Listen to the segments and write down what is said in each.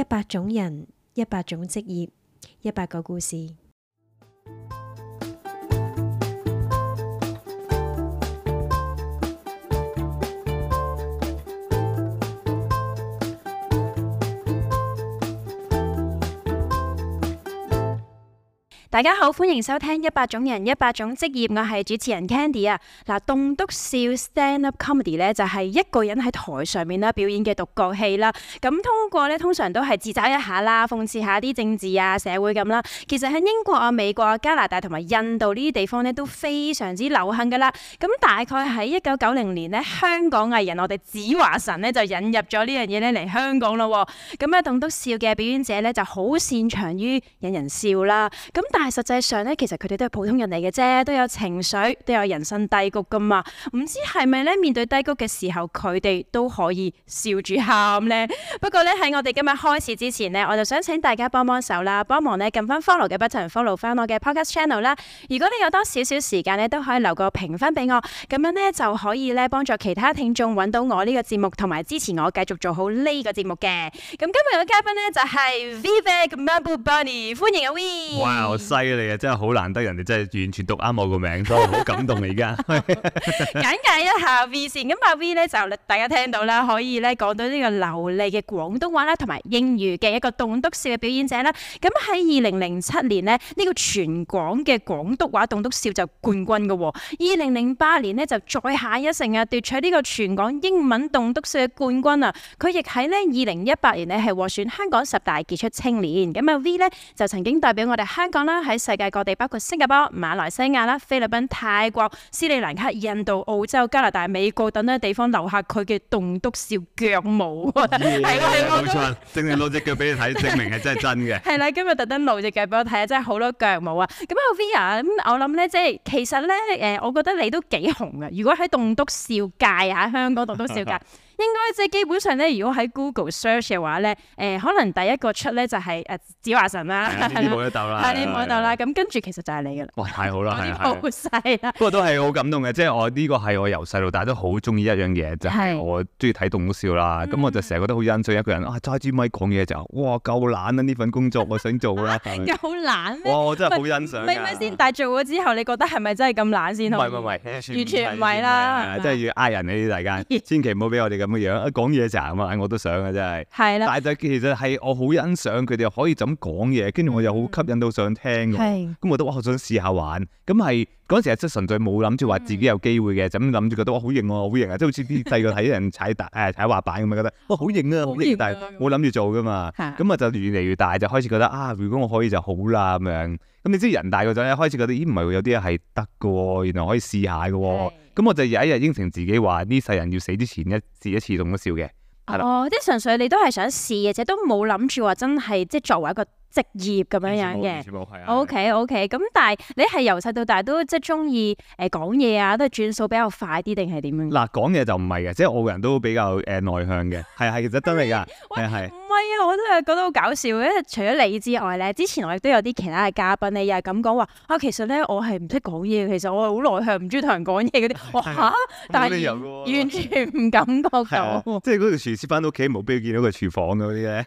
一百種人，一百種職業，一百個故事。大家好，歡迎收聽一百種人一百種職業，我係主持人 Candy 啊。嗱，棟篤笑 Stand-up comedy 咧就係一個人喺台上面啦表演嘅獨角戲啦。咁通過咧通常都係自嘲一下啦，諷刺下啲政治啊、社會咁啦。其實喺英國啊、美國、加拿大同埋印度呢啲地方呢都非常之流行噶啦。咁大概喺一九九零年呢，香港藝人我哋子華神呢就引入咗呢樣嘢呢嚟香港咯。咁咧棟篤笑嘅表演者呢，就好擅長於引人笑啦。咁但係實際上咧，其實佢哋都係普通人嚟嘅啫，都有情緒，都有人生低谷噶嘛。唔知係咪咧面對低谷嘅時候，佢哋都可以笑住喊呢？不過咧喺我哋今日開始之前呢，我就想請大家幫幫手啦，幫忙呢，撳翻 follow 嘅 button，follow 翻我嘅 podcast channel 啦。如果你有多少少時間呢，都可以留個評分俾我，咁樣呢，就可以咧幫助其他聽眾揾到我呢個節目，同埋支持我繼續做好呢個節目嘅。咁今日嘅嘉賓呢，就係 Vivek Mahbubani，歡迎阿 w V。Wow, 犀利啊！真係好難得，人哋真係完全讀啱我個名，真係好感動啊！而家 簡介一下 V 先，咁啊 V 咧就大家聽到啦，可以咧講到呢個流利嘅廣東話啦，同埋英語嘅一個棟篤笑嘅表演者啦。咁喺二零零七年咧，呢、呢個全港嘅廣東話棟篤笑就冠軍嘅喎。二零零八年咧就再下一城啊奪取呢個全港英文棟篤笑嘅冠軍啊！佢亦喺咧二零一八年咧係獲選香港十大傑出青年。咁啊 V 咧就曾經代表我哋香港啦。喺世界各地，包括新加坡、馬來西亞啦、菲律賓、泰國、斯里蘭卡、印度、澳洲、加拿大、美國等等地方，留下佢嘅棟篤笑腳毛。係冇 Yeah, 啊、錯，正正攞隻腳俾你睇， 證明係真係真嘅。係啦、 啊，今日特登攞隻腳俾我睇，下，真係好多腳毛啊！咁啊，Vivek，咁我諗咧，即係其實咧，誒，我覺得你都幾紅啊。如果喺棟篤笑界，喺香港棟篤笑界。 應該即係基本上咧，如果喺 Google search 嘅話咧，誒可能第一個出咧就係誒子華神啦，你冇得鬥啦，你冇得鬥啦，咁跟住其實就係你噶啦，哇太好啦，太好曬啦，不過都係好感動嘅，即係我呢個係我由細到大都好中意一樣嘢，就係我中意睇棟篤笑啦。咁我就成日覺得好欣賞一個人啊，揸支咪講嘢就哇夠懶啊！呢份工作，我想做啦，夠懶咩？哇，真係好欣賞你咪先？但係做咗之後，你覺得係咪真係咁懶先？唔係唔係唔係，完全唔係啦，真係要嗌人呢啲大家，千祈唔好俾我哋咁。咁嘅樣，一講嘢成日嘛，我都想嘅真係。係啦，但係其實係我好欣賞佢哋可以就咁講嘢，跟住我又好吸引到想聽咁我都話我想試下玩。咁係嗰陣時係真係純粹冇諗住話自己有機會嘅，就咁諗住覺得哇好型喎，好型啊！即係好似啲細個睇人踩誒踩滑板咁樣覺得，哇好型啊，好型、啊！啊、 但係冇諗住做噶嘛，咁啊 就越嚟越大就開始覺得啊，如果我可以就好啦咁樣。咁你知人大嗰陣一開始覺得咦唔係，哎、有啲嘢係得嘅，原來可以試下嘅。咁我就有一日應承自己話，呢世人要死之前一試一次咁樣笑嘅。哦，即係純粹你都係想試，嘅，而且都冇諗住話真係即係作為一個。職業咁樣樣嘅、啊，OK 啊，OK，咁但係你係由細到大都即係中意誒講嘢啊，都係轉數比較快啲定係點樣？嗱，講嘢就唔係嘅，即係我個人都比較誒內向嘅，係啊其實真係㗎，係啊唔係啊，我真係覺得好搞笑，因為除咗你之外咧，之前我亦都有啲其他嘅嘉賓你又係咁講話啊，其實咧我係唔識講嘢，其實我係好內向，唔中意同人講嘢嗰啲。啊、哇嚇！啊、但係、啊、完全唔感覺到。即係嗰條廚師翻到屋企冇必要見到個廚房嗰啲咧。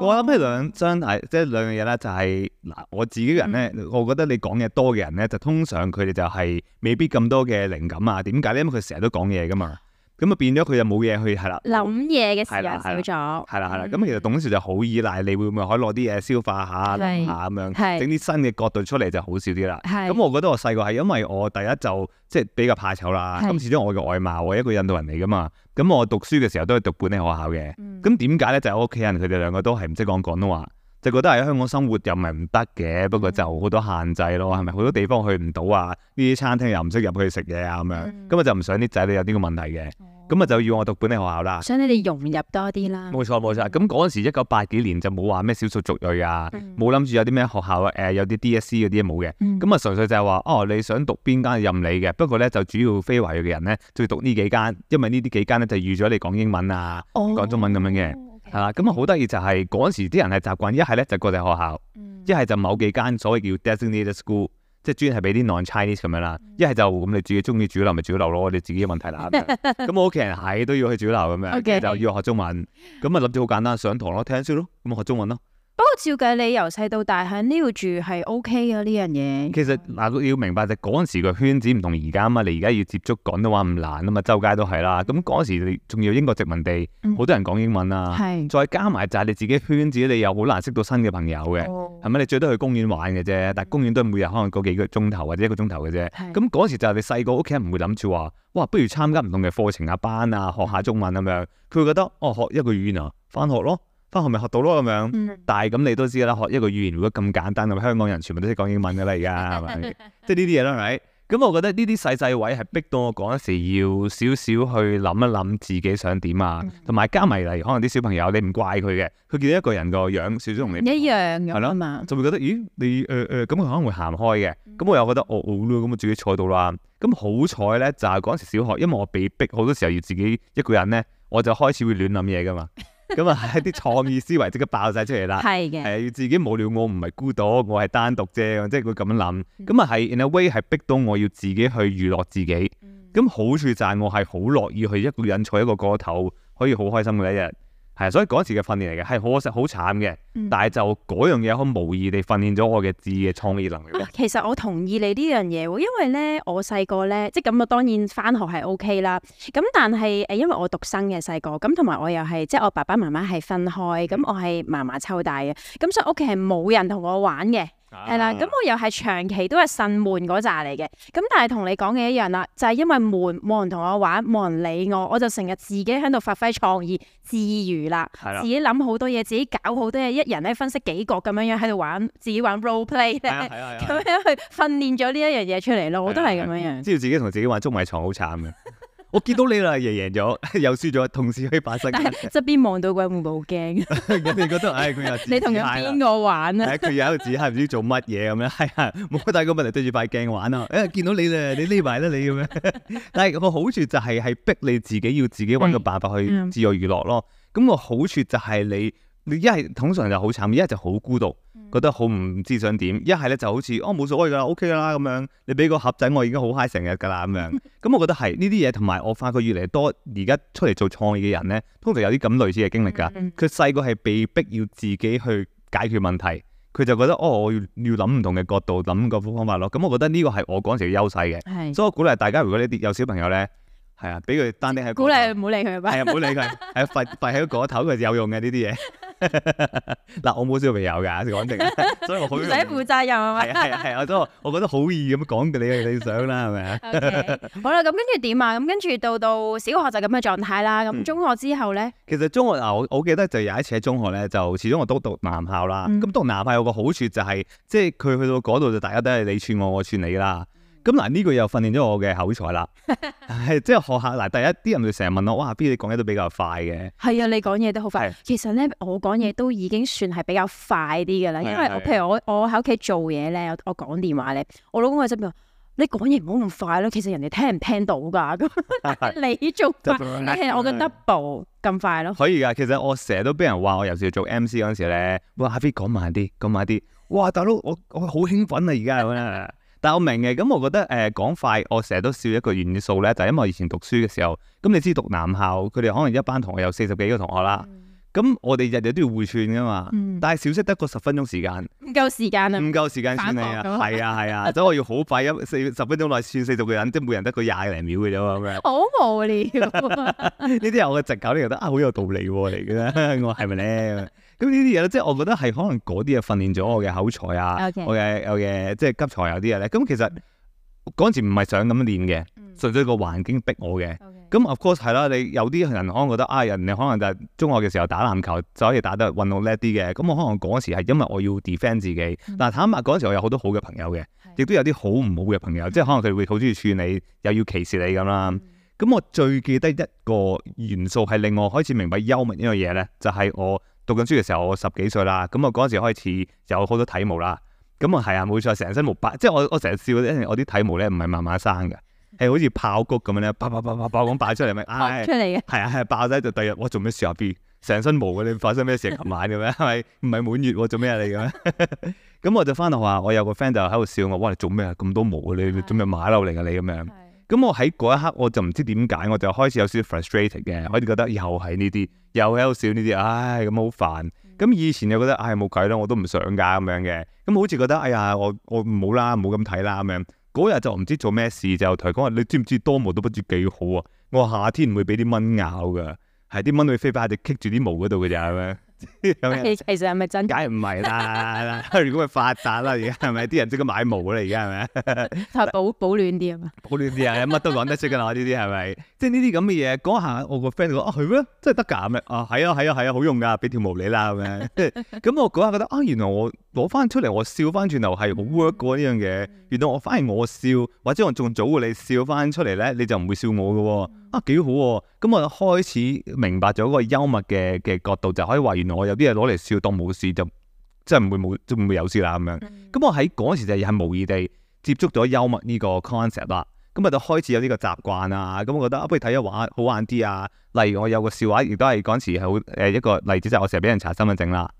我諗起兩張係，即係兩樣嘢咧，就係嗱，我自己個人咧，我覺得你講嘢多嘅人咧，就通常佢哋就係未必咁多嘅靈感啊？點解咧？因為佢成日都講嘢噶嘛。咁啊，變咗佢就冇嘢去係啦，諗嘢嘅時間少咗，係啦係啦。咁、嗯、其實董事就好依賴你，會唔會可以攞啲嘢消化下、是下咁樣，整啲新嘅角度出嚟就好少啲啦。咁是我覺得我細個係因為我第一就即係比較怕醜啦。是今次都我嘅外貌，我一個印度人嚟噶嘛。咁我讀書嘅時候都係讀本地學校嘅。咁點解咧？就係、我屋企人佢哋兩個都係唔識講廣東話。你覺得喺香港生活又唔係唔得嘅，不過就好多限制咯，係咪好多地方去唔到啊？呢啲餐廳又唔識入去食嘢啊咁樣，咁啊、嗯、就唔想啲仔女有呢個問題嘅，咁啊、嗯、就要我讀本地學校啦，想你哋融入多啲啦。冇錯冇錯，咁嗰陣時一九八幾年就冇話咩少數族裔啊，冇諗住有啲咩學校誒、啊呃、有啲 DSE 嗰啲冇嘅，咁啊、嗯、純粹就係話哦你想讀邊間任你嘅，不過咧就主要非華裔嘅人咧就要讀呢幾間，因為呢啲幾間咧就預咗你講英文啊、講中文咁樣嘅。哦。係啦、啊，咁啊好得意就係嗰陣時啲人係習慣一係咧就國際學校，一係、mm. 就某幾間所謂叫 designated school，即係專係俾啲 non-Chinese 咁樣啦。一係、mm. 就咁你自己中意主流咪主流咯，你自己嘅問題啦。咁 我屋企人喺都要去主流咁樣，就要學中文。咁啊諗住好簡單，上堂咯，聽書咯，咁啊學中文啦。不過，照計你由細到大喺呢度住係 OK 嘅呢樣嘢。其實嗱，要明白就嗰陣時個圈子唔同而家啊嘛。你而家要接觸廣東話唔難啊嘛，周街都係啦。咁嗰陣時仲要英國殖民地，好、嗯、多人講英文啊。係再加埋就係你自己圈子，你又好難識到新嘅朋友嘅。係咪、哦？你最多去公園玩嘅啫，但係公園都每日可能個幾個鐘頭或者一個鐘頭嘅啫。咁嗰陣時就係你細個屋企人唔會諗住話，哇，不如參加唔同嘅課程啊班啊，學下中文咁樣。佢會覺得哦，學一個語言啊，翻學咯。返學咪學到咯咁樣，但係咁你都知啦，學一個語言如果咁簡單，咁香港人全部都識講英文噶啦，而家係咪？即係呢啲嘢啦，係咪？咁我覺得呢啲細細位係逼到我講嗰時要少少去諗一諗自己想點啊，同埋加埋例如可能啲小朋友你唔怪佢嘅，佢見到一個人個樣少少同你唔一樣嘅，係咯，就會覺得咦，你誒誒咁佢可能會行開嘅，咁、嗯、我又覺得哦，咁、哦哦、我自己坐到啦，咁好彩咧就係、是、嗰時小學，因為我被逼好多時候要自己一個人咧，我就開始會亂諗嘢噶嘛。 咁啊，係啲創意思維即刻爆晒出嚟啦！係嘅，係、要、自己無聊，我唔係孤獨，我係單獨啫，即係佢咁樣諗。咁啊係，然後、嗯、in a way 係逼到我要自己去娛樂自己。咁、嗯、好處就係我係好樂意去一個人坐一個個頭，可以好開心嘅一日。係，所以嗰時嘅訓練嚟嘅，係好可惜，好慘嘅。但係就嗰樣嘢，我無意地訓練咗我嘅自嘅創意能力、嗯啊。其實我同意你呢樣嘢喎，因為咧我細個咧，即係咁，我當然返學係 OK 啦。咁但係誒，因為我獨生嘅細個，咁同埋我又係即係我爸爸媽媽係分開，咁我係嫲嫲湊大嘅，咁所以屋企係冇人同我玩嘅。係啦，咁我又係長期都係沉悶嗰扎嚟嘅，咁但係同你講嘅一樣啦，就係、是、因為悶，冇人同我玩，冇人理我，我就成日自，的自己喺度發揮創意之餘啦，自己諗好多嘢，自己搞好多嘢，一人咧分飾幾個咁樣樣喺度玩，自己玩 role play 咧，咁樣去訓練咗呢一樣嘢出嚟咯，我都係咁樣樣，知道自己同自己玩捉迷藏，好慘嘅。 我見到你啦，贏贏咗，又輸咗，同時可以擺身。側邊望到鬼會唔會好驚？我 哋 覺得唉，佢、哎、又自自你同佢邊個玩啊？佢喺度自嗨唔知做乜嘢咁樣，係係冇帶個物嚟對住塊鏡玩咯。誒、哎，見到你咧，你匿埋啦你咁樣。 但係個好處就係係逼你自己要自己揾個辦法去自我娛樂咯。咁個好處就係你。你一係通常就好慘，一係就好孤獨，覺得好唔知想點。一係咧就好似哦冇所謂噶啦，OK 噶啦咁樣。你俾個盒仔我，已經好嗨成日噶啦咁樣。咁、嗯、 我覺得係呢啲嘢，同埋我發覺越嚟越多而家出嚟做創意嘅人咧，通常有啲咁類似嘅經歷㗎。佢細個係被逼要自己去解決問題，佢就覺得哦，我要要諗唔同嘅角度，諗個方法咯。咁我覺得呢個係我嗰時嘅優勢嘅。是所以我鼓勵大家，如果你有小朋友咧，係啊，俾佢單拎喺。鼓勵唔好理佢 啊，係啊，唔好理佢，係瞓瞓喺個頭，佢有用嘅呢啲嘢。嗱， 我冇小朋友噶，講定，所以我好唔使負責任係咪？係啊係啊，我都我覺得好易咁講你嘅理想啦，係咪、 okay. 啊？好啦，咁跟住點啊？咁跟住到到小學就咁嘅狀態啦。咁中學之後咧、嗯，其實中學啊，我我記得就有一次喺中學咧，就始終我都讀男校啦。咁、嗯、讀男校有個好處就係、是，即係佢去到嗰度就大家都係你串我，我串你啦。咁嗱，呢個又訓練咗我嘅口才啦，係即係學校嗱。第一啲人會成日問我，哇，阿 B 你講嘢都比較快嘅。係啊，你講嘢都好快。其實咧，我講嘢都已經算係比較快啲嘅啦。因為我譬如我我喺屋企做嘢咧，我講電話咧，我老公喺身邊話，你講嘢唔好咁快咯，其實人哋聽唔聽到㗎。咁你做，你係我嘅 double 咁快咯。可以㗎，其實我成日都俾人話，我尤其是做 MC 嗰陣時咧，哇，阿 B 講慢啲，講慢啲。哇，大佬，我我好興奮啊，而家 但我明嘅，咁、嗯、我覺得誒、呃、講快，我成日都笑一個元素咧，就係、是、因為我以前讀書嘅時候，咁你知讀男校，佢哋可能一班同學有四十幾個同學啦，咁、嗯、我哋日日都要互串噶嘛，但係小息得個十分鐘時間，唔、嗯、夠時間啊，唔夠時間算你啊，係啊係啊，所以、啊啊、 我要好快一，一，十分鐘內串四十個人，即係每人得個廿零秒嘅啫嘛， 好無聊。呢啲係我嘅直覺，呢啲覺得啊好有道理嚟嘅。我係咪咧？ 咁呢啲嘢咧，即係、就是、我覺得係可能嗰啲嘢訓練咗我嘅口才啊，Okay. 我嘅有嘅即係急才有啲嘢咧。咁其實嗰陣時唔係想咁樣練嘅，mm. 純粹個環境逼我嘅。咁 of course 係啦，你有啲人可能覺得啊，人你可能就係中學嘅時候打籃球就可以打得運動叻啲嘅。咁我可能嗰陣時係因為我要 defend 自己。但坦白嗰陣時，我有好多好嘅朋友嘅，亦都有啲好唔好嘅朋友，mm. 即係可能佢會好中意串你，又要歧視你咁啦。咁我最記得一個元素係令我開始明白幽默呢樣嘢咧，就係、是、我。讀緊書嘅時候，我十幾歲啦，咁啊嗰陣時開始有好多體毛啦，咁啊係啊冇錯，成身毛白，即係我我成日笑，因為我啲體毛咧唔係慢慢生嘅，係好似爆谷咁樣咧，啪啪啪爆咁爆出嚟咪，爆出嚟嘅，係、哎、 啊係、啊、爆咗就第二日，我做咩事啊 B，成身毛嘅你發生咩事？琴晚嘅咩，係咪唔係滿月做咩啊你嘅咁 我就翻到學校，我有個 friend 就喺度笑我，哇你做咩咁多毛啊，你做咩馬騮嚟啊你咁樣？ 咁我喺嗰一刻我就唔知點解，我就開始有少少 frustrated 嘅，開始覺得又係呢啲，又係好少呢啲，唉咁好煩。咁以前又覺得唉冇計啦，我都唔想㗎咁樣嘅。咁好似覺得哎呀，我我唔好啦，唔好咁睇啦咁樣。嗰日就唔知做咩事就同佢講話，你知唔知多毛都不知幾好啊？我夏天唔會俾啲蚊咬㗎，係啲蚊會飛翻喺隻棘住啲毛嗰度㗎咋，係咪？ 其實係咪真？梗係唔係啦！ 如果佢發達啦，而家係咪啲人即刻買毛啦？而家係咪？保保暖啲啊？保暖啲啊！乜都講得出噶啦，呢啲係咪？即係呢啲咁嘅嘢，嗰下我個 friend 講啊，係咩、啊？真係得噶咩？啊係啊係啊係啊，好用噶，俾條毛你啦咁樣。咁 我嗰下覺得啊，原來我攞翻出嚟，我笑翻轉頭係 work 過呢樣嘢。原來我反而我笑，或者我仲早過你笑翻出嚟咧，你就唔會笑我噶。啊幾好喎、啊！咁我開始明白咗個幽默嘅嘅角度，就可以話原來我有啲嘢攞嚟笑，當冇事就，就真係唔會冇，都唔會有事啦咁樣。咁、嗯、我喺嗰時就係無意地接觸咗幽默呢個 concept 啦。咁我就開始有呢個習慣啊。咁我覺得、啊、不如睇下玩好玩啲啊。例如我有個笑話，亦都係嗰時好誒、呃、一個例子，就係我成日俾人查身份證啦。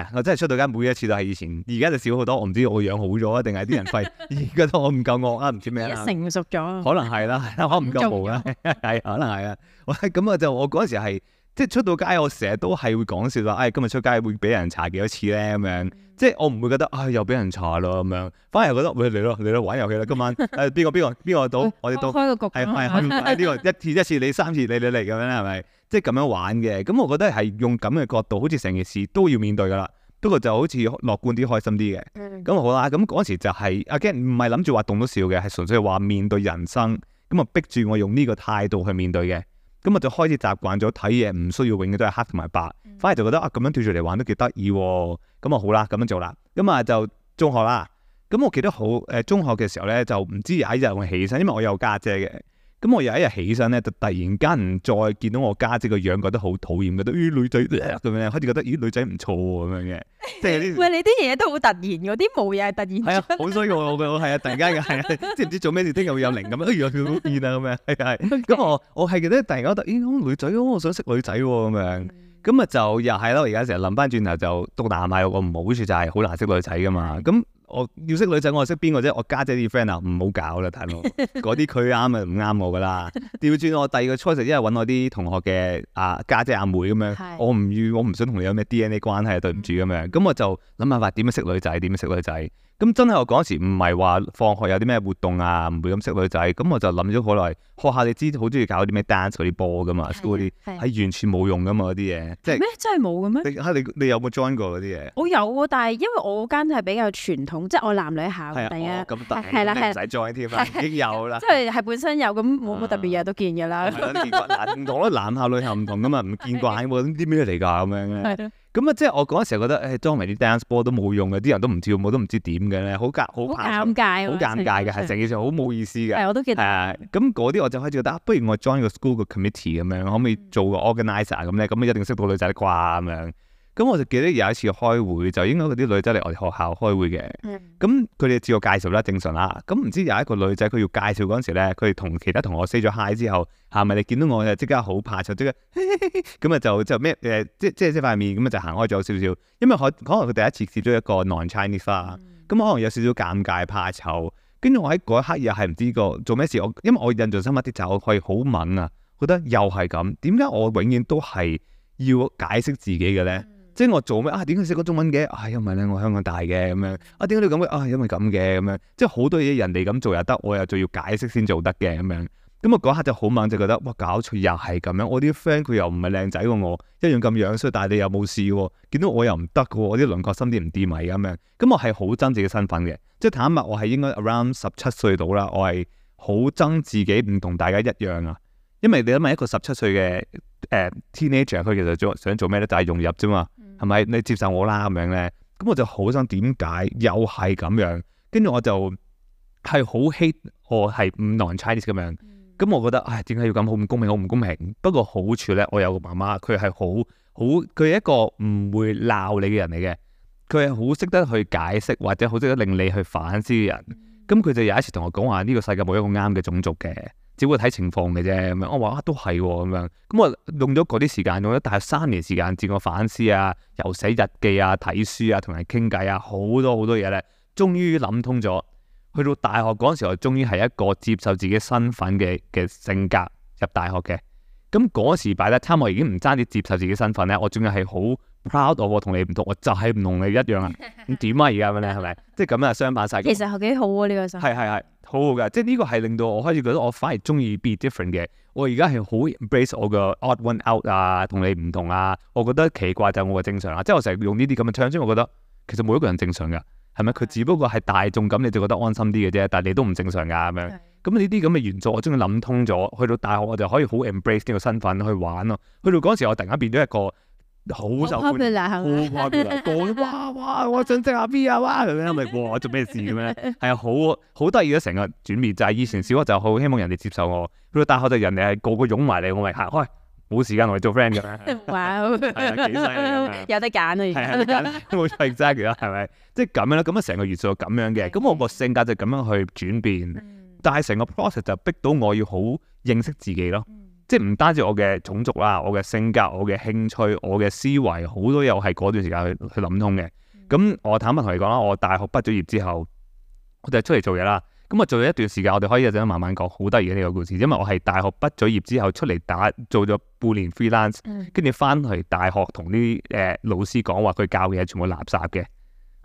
啊、我真係出到街，每一次都係以前，而家就少好多。我唔知我養好咗定係啲人廢。 而家覺得我唔夠惡 啊，唔知咩成熟咗，可能係啦，我唔夠暴啦，係可能係啊。咁啊，就我嗰陣時係即係出到街，我成日都係會講笑話。哎，今日出街會俾人查幾多次咧？咁樣、嗯、即係我唔會覺得啊、哎，又俾人查咯咁樣。反而覺得喂嚟咯，嚟到玩遊戲啦！今晚誒邊個邊個邊個到？我哋都 開個局係係係邊個一次一次你三次你你嚟咁樣係咪？即係咁樣玩嘅，咁我覺得係用咁嘅角度，好似成件事都要面對噶啦。不過就好似樂觀啲、開心啲嘅。咁、嗯、好啦，咁嗰時就係阿 Gem 唔係諗住話動都笑嘅，係純粹話面對人生。咁啊逼住我用呢個態度去面對嘅。咁我就開始習慣咗睇嘢唔需要永遠都係黑同埋白，嗯、反而就覺得啊咁樣跳出嚟玩都幾得意。咁啊好啦，咁樣做啦。咁啊就中學啦。咁我記得好誒，中學嘅時候咧，就唔知有日我起身，因為我有家姐嘅。咁我有一日起身咧，就突然間唔再見到我家姐個樣，覺得好討厭嘅。覺得咦、哎，女仔咁樣咧，開始覺得咦、呃、女仔唔錯喎咁樣嘅，即係啲。喂，你啲嘢都好突然嘅，啲毛又係突然。係啊，好衰喎，我我係啊，突然間嘅係啊，唔知，知做咩事聽日有靈咁、哎、啊，又見啊咁樣，係係、啊。咁 Okay. 我我係覺得突然間突然，咦、哎、女仔，我想識女仔喎咁樣。咁啊、mm. 就又係咯，而家成日諗翻轉頭就讀男系有個唔好處，就係好難識女仔噶嘛。咁。我要識女仔，我識邊個啫？我家姐啲 friend 啊，唔好搞啦，大佬，嗰啲佢啱啊，唔啱我噶啦。調轉我第二個 choice 一係搵我啲同學嘅啊家姐阿、啊、妹咁樣。我唔要，我唔想同你有咩 DNA 關係啊，對唔住咁樣。咁的、嗯、我就諗辦法點樣識女仔，點樣識女仔。咁真係我講時唔係話放學有啲咩活動啊，唔會咁識女仔，咁我就諗咗好耐，學校你知好中意搞啲咩 dance 嗰啲波 a 噶嘛，嗰啲係完全冇用噶嘛，嗰啲嘢，即係咩真係冇嘅咩？你有冇 join 過嗰啲嘢？我有，但係因為我間係比較傳統，即係我男女校嚟嘅，咁大係啦，唔使 join 添已經有啦。即係係本身有，咁冇冇特別嘢都見㗎啦。唔同啦，男校女校唔同噶嘛，唔見慣冇啲咩嚟㗎咁樣嘅。咁啊、嗯，即係我嗰陣時覺得，誒裝埋啲 dance ball 都冇用嘅，啲人都唔跳舞，都唔知點嘅咧，好尷好尷尬，好是尷尬嘅，係成是件事好冇意思嘅。係，我都記得、啊。係咁嗰啲我就開始覺得，啊、不如我 join 個 school 嘅 committee 咁樣，可唔可以做個 organizer 咁咧？咁一定識到女仔啲啩咁樣。咁我就記得有一次開會，就應該嗰啲女仔嚟我哋學校開會嘅。咁佢哋自我介紹啦，正常啦。咁唔知有一個女仔佢要介紹嗰陣時咧，佢哋同其他同學 say 咗 hi 之後，係、嗯、咪你見到我就即刻好怕醜，即刻咁啊就就咩誒？即即即塊面咁啊就行開咗少少，因、嗯嗯嗯嗯嗯嗯嗯、為可可能佢第一次接咗一個 non-Chinese 啦，咁可能有少少尷尬怕醜。跟住我喺嗰一刻又係唔知個做咩事，我因為我印象深刻啲就係我可以好敏啊，覺得又係咁，點解我永遠都係要解釋自己嘅咧？即係我做咩啊？點解你識講中文嘅啊？又唔係咧，我香港大嘅咁樣啊？點解你咁嘅啊？因為咁嘅咁樣，即係好多嘢人哋咁做又得，我又仲要解釋先做得嘅咁樣。咁啊，嗰刻就好猛，就覺得哇搞錯又係咁樣。我啲 friend 佢又唔係靚仔過我，一樣咁樣衰，但係你又冇事喎、啊，見到我又唔得喎，我啲輪廓深啲唔啲米咁樣。咁、啊嗯嗯、我係好憎自己身份嘅，即係坦白，我係應該 around 十七歲到啦。我係好憎自己唔同大家一樣啊，因為你諗下一個十七歲嘅誒、uh, teenager，佢其實做想做咩咧？就係、是、融入啫嘛。係咪你接受我啦咁樣咧？咁我就好想點解又係咁樣？跟住我就係好 hate 我係唔 non-Chinese 咁樣。咁我覺得唉，點解要咁，好唔公平，好唔公平。不過好處咧，我有個媽媽，佢係好好，佢係一個唔會鬧你嘅人嚟嘅。佢係好識得去解釋，或者好識得令你去反思嘅人。咁佢就有一次同我講話，呢個世界冇一個啱嘅種族嘅。只會睇情況嘅啫，咁樣我話、啊、都係咁、啊、樣，咁、嗯、我用咗嗰啲時間，用咗大學三年時間自我反思啊、又寫日記啊、睇書啊、同人傾偈啊，好多好多嘢咧、啊，終於諗通咗。去到大學嗰時候，終於係一個接受自己身份嘅嘅性格入大學嘅。咁嗰、嗯、時擺咧，差我已經唔爭啲接受自己身份咧，我仲要係好 proud 我同你唔同，我就係唔同你一樣，樣啊！咁點啊？而家咁咧，係咪？即係咁啊，相反曬。其實係幾好喎呢個時候。係係係，好好嘅，即係呢個係令到我開始覺得我反而中意 be different 嘅。我而家係好 embrace 我嘅 odd one out 啊，同你唔同啊。我覺得奇怪就係我嘅正常啊。即係我成日用呢啲咁嘅唱出，我覺得其實每一個人正常㗎，係咪？佢的只不過係大眾咁，你就覺得安心啲嘅啫。但係你都唔正常㗎咁樣。咁呢啲咁嘅元素，我終於諗通咗。去到大學，我就可以好 embrace 呢個身份去玩咯。去到嗰時，我突然間變咗一個好受歡迎，好誇張，哇，哇我想升下 B 啊，哇！咁樣咪哇，做咩事嘅咩？係啊，好好得意啊！成個轉變就係、是，以前小學就好希望人哋接受我，去到大學就人哋係個個擁埋嚟，我咪行開，冇時間同你做 friend 嘅。係 啊哇、哦 幾犀 有得揀啊！而家冇再掙扎，係 咪？ 即係咁樣咯。咁啊，成個元素係咁樣嘅。咁我個性格就咁樣去轉變。但係成個 process 就逼到我要好認識自己咯，即係唔單止我嘅種族啦，我嘅性格、我嘅興趣、我嘅思維，好多嘢我係嗰段時間去去諗通嘅。咁我坦白同你講啦，我大學畢咗業之後，我就出嚟做嘢啦。咁啊做咗一段時間，我哋可以一陣慢慢講好得意嘅呢個故事，因為我係大學畢咗業之後出嚟打做咗半年 freelance，跟住翻去大學同啲誒老師講話佢教嘅嘢全部垃圾嘅。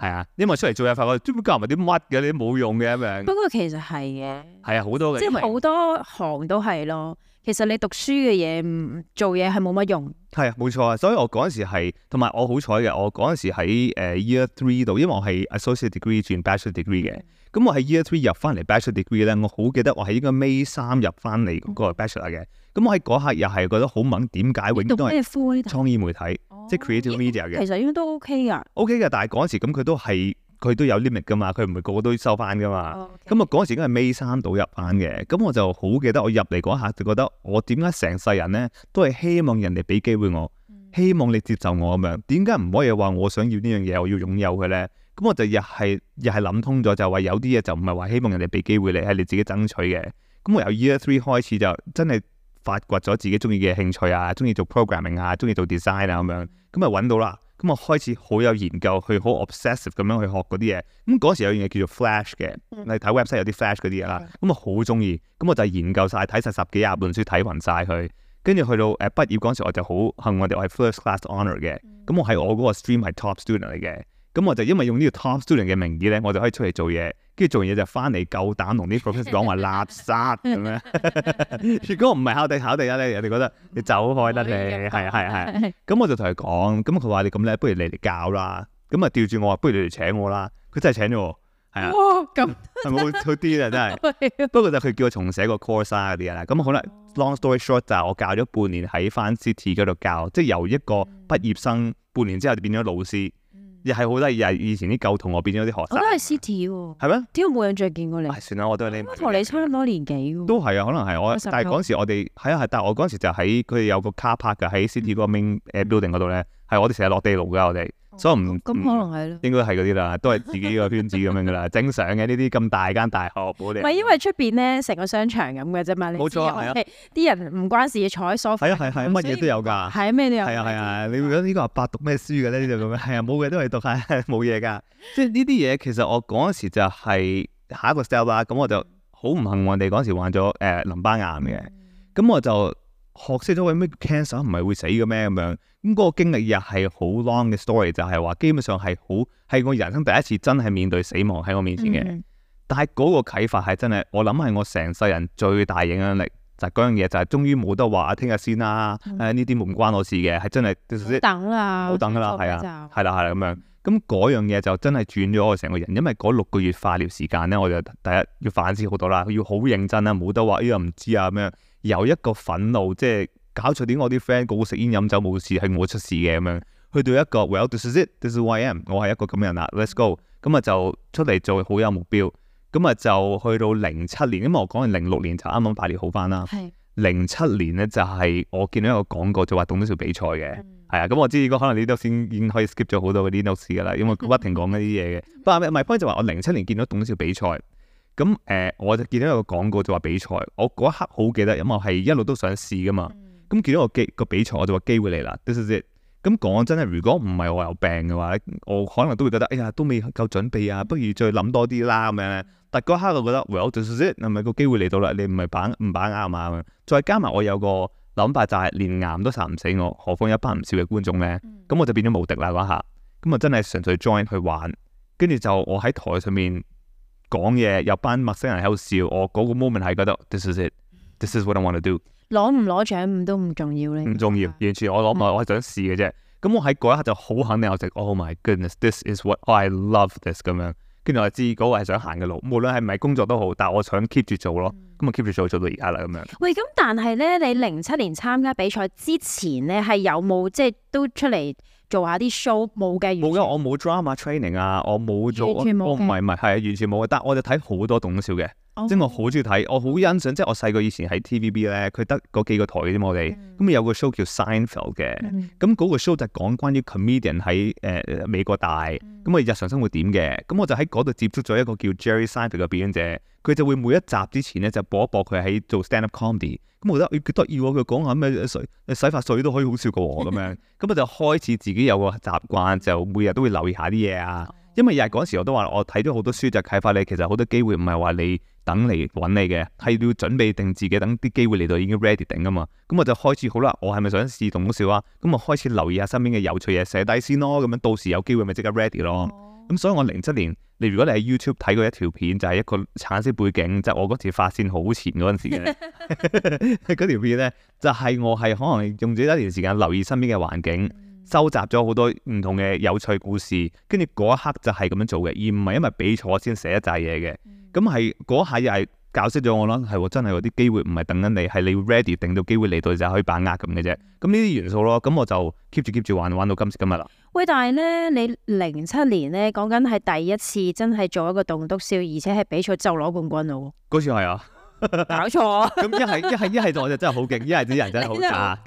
係啊，因為出嚟做嘢，發覺做乜家下啲乜嘅，你冇用嘅咁樣。不過其實係嘅。係啊，好多嘅，即係好多行都係咯。其實你讀書嘅嘢，做嘢係冇乜用。係啊，冇錯啊。所以我嗰陣時係，同埋我好彩嘅，我嗰陣時喺誒 year three 度，因為我係 associate degree 轉、嗯、bachelor degree 嘅。咁我喺 year three 入翻嚟 bachelor degree 咧，我好記得我喺應該 May 三入翻嚟嗰個 bachelor 嘅。嗯咁我喺嗰刻又係覺得好猛，點解永遠都係創意媒體，哦、即係 creative media 嘅。其實應該都 OK 噶。OK 嘅，但係嗰時咁佢都係佢都有 limit 噶嘛，佢唔係個個都收翻噶嘛。咁啊嗰時應該係 May 三倒入返嘅，咁我就好記得我入嚟嗰刻就覺得我，我點解成世人咧都係希望人哋俾機會我，希望你接受我咁樣，點解唔可以話我想要呢樣嘢，我要擁有佢咧？咁我就又係又係諗通咗，就話有啲嘢就唔係話希望人哋俾機會你，係你自己爭取嘅。咁我由 year three 開始就真係。發掘咗自己中意嘅興趣啊，中意做 programming 啊，中意做 design 啊咁樣，咁咪揾到啦。咁我開始好有研究去，去好 obsessive 咁樣去學嗰啲嘢。咁嗰時有樣嘢叫做 Flash 嘅，你睇 website 有啲 Flash 嗰啲嘢啦。咁我好中意，咁我就研究晒，睇晒十幾廿本書完完，睇暈晒佢。跟住去到誒、呃、畢業嗰陣時我，我就好幸運。我係 first class honour 嘅。咁我係我嗰個 stream 係 top student 嚟嘅。咁我就因為用呢個 top student 嘅名義咧，我就可以出嚟做嘢。跟住做完嘢就翻嚟，夠膽同啲 professor 講話垃圾咁樣。如果唔係考第考第咧，人哋覺得你走開得咧，你係啊係啊係。咁我就同佢講，咁佢話你咁咧，不如你嚟教啦。咁啊吊住我話，不如你嚟請我啦。佢真係請咗。係啊，咁係咪好啲啊？真係。不過就佢叫我重寫個 course 啊嗰啲啦。咁好啦，long story short 就係我教咗半年喺返 City U 嗰度教，即係由一個畢業生半年之後就變咗老師。又係好得意，又係以前啲舊同學變咗啲學生。我都係 City 喎、啊，係咩嗎？點解冇人再見過你？哎、算啦，我都係你，我同你差唔多年紀喎。都係啊，可能係我。我但係嗰時我哋係啊係、啊，但係我嗰時就喺佢哋有個 car c a r park 㗎，喺 City 嗰個 main 誒 building 嗰度咧，係我哋成日落地牢㗎，我哋。我所以唔，咁可能係咯，應該係嗰啲啦，都係自己個圈子咁樣噶啦，正常嘅呢啲咁大間大學，我哋唔係因為出邊咧成個商場咁嘅啫嘛，你冇錯啊，啲人唔關事坐喺梳化，係啊係係，乜嘢都有噶，係啊咩都有，係啊係啊，你會覺得呢個阿伯讀咩書嘅咧？呢度咁樣，係啊冇嘅都係讀下冇嘢噶，即係呢啲嘢其實我嗰時就係下一個 style 啦，咁我就好唔幸運地嗰時患咗誒淋巴癌嘅，咁我就。學識咗個咩叫 cancer，唔係會死嘅咩咁樣？咁、那、嗰個經歷又係好 long 嘅 story，就係話基本上係好係我人生第一次真係面對死亡喺我面前嘅。嗯、但係嗰個啟發係真係，我諗係我成世人最大影響力就係嗰樣嘢，就係、是就是、終於冇得話聽日先啦，呢啲唔關我事嘅，係真係。等啦，好等㗎啦，係啊，呃、係啦，係啦咁樣。咁嗰樣嘢就真係轉咗我成個人，因為嗰六個月化療時間咧，我就第一要反思好多啦，要好認真啦，冇得話呢又唔知啊咁樣。有一個憤怒，即係搞錯啲我啲 friend，講食煙飲酒冇事，係我出事嘅咁樣。去到一個，Well，this is it，this is who I am，我係一個咁樣人啦。Let's go，咁啊、嗯嗯、就出嚟做好有目標。咁、嗯、啊就去到零七年，因為我講係零六年就啱啱排列好翻啦。零七年呢，就係我見到一個廣告，就話懂多少比賽嘅。係、嗯、啊，咁、嗯、我知如果可能呢度先已經可以 skip 咗好多嗰啲歷 e 噶啦，因為不停講嗰啲嘢嘅。不過 m i c h 就話我零七年見到懂多少比賽。咁誒、嗯，我就見到有個廣告就話比賽，我嗰一刻好記得，因為我係一路都想試噶嘛。咁、嗯嗯、見到個機個比賽，我就話機會嚟啦，This is it。咁、嗯、講真咧，如果唔係我有病嘅話，我可能都會覺得，哎呀，都未夠準備啊，不如再諗多啲啦咁樣、嗯。但嗰刻我就覺得，well，this is it，係咪個機會嚟到啦？你唔係把唔把握啊？嗯、再加埋我有個諗法就係，連癌都殺唔死我，何況一班唔少嘅觀眾咧？咁、嗯嗯、我就變咗無敵啦嗰下。咁啊，真係純粹 join 去玩，跟住就我喺台上面。講嘢，有班陌生人喺度笑，我嗰個 moment 係覺得 this is it，this is what I want to do。攞唔攞獎唔都唔重要咧，唔重要，完全吧我攞唔，我係想試嘅啫。咁我喺嗰一刻就好肯定，我就 oh my goodness，this is what I love this 咁樣。跟住我知嗰個係想行嘅路，無論係唔係工作都好，但係我想 keep 住做咯。咁啊 keep 住做，做到而家啦咁樣。喂，咁但係咧，你零七年參加比賽之前咧，係有冇即係都出嚟？做下啲 show 冇嘅，完全冇嘅，我冇 drama training 啊，我冇做，完全冇。唔係，唔係，係完全冇嘅，但係我哋睇好多棟篤笑嘅。即係我好中意睇，我好欣賞。即係我細個以前喺 TVB 咧，佢得嗰幾個台啫嘛，我哋。咁啊有個 show 叫 Sin《Seinfeld》嘅，咁嗰個 show 就講關於 comedian 喺誒美國大，咁啊日常生活點嘅。咁我就喺嗰度接觸咗一個叫 Jerry Seinfeld 嘅表演者，佢就會每一集之前咧就播一播佢喺做 stand-up comedy。咁我覺得幾得意喎，佢講下咩洗洗髮水都可以好笑嘅喎咁樣。咁我就開始自己有個習慣，就每日都會留意下啲嘢啊。因為日係嗰時我都話我睇咗好多書，就睇翻你其實好多機會唔係話你。 等嚟揾你嘅，係要準備定自己，等啲機會嚟到已經 ready 定㗎嘛。咁、嗯、我就開始好啦，我係咪想自動講笑啊？咁、嗯、我開始留意下身邊嘅有趣嘢，寫低先咯。咁樣到時有機會咪即刻 ready 咯。咁、哦嗯、所以我零七年，你如果你喺 YouTube 睇過一條片，就係、是、一個橙色背景，就是、我嗰時發線好前嗰陣時嘅。嗰 條片呢，就係、是、我係可能用咗一段時間留意身邊嘅環境。收集咗好多唔同嘅有趣故事，跟住嗰一刻就係咁樣做嘅，而唔係因為比賽先寫一紮嘢嘅。咁係嗰下又係教識咗我咯，係喎，真係有啲機會唔係等緊你，係你 ready 定到機會嚟到就可以把握咁嘅啫。咁呢啲元素咯，咁我就 keep 住 keep 住玩玩到今時今日啦。喂，但係呢，你零七年呢，講緊係第一次真係做一個棟篤笑，而且係比賽就攞冠軍咯。嗰次係啊。 搞錯咁一係一係一係就我就真係好勁，一係啲人真係好假。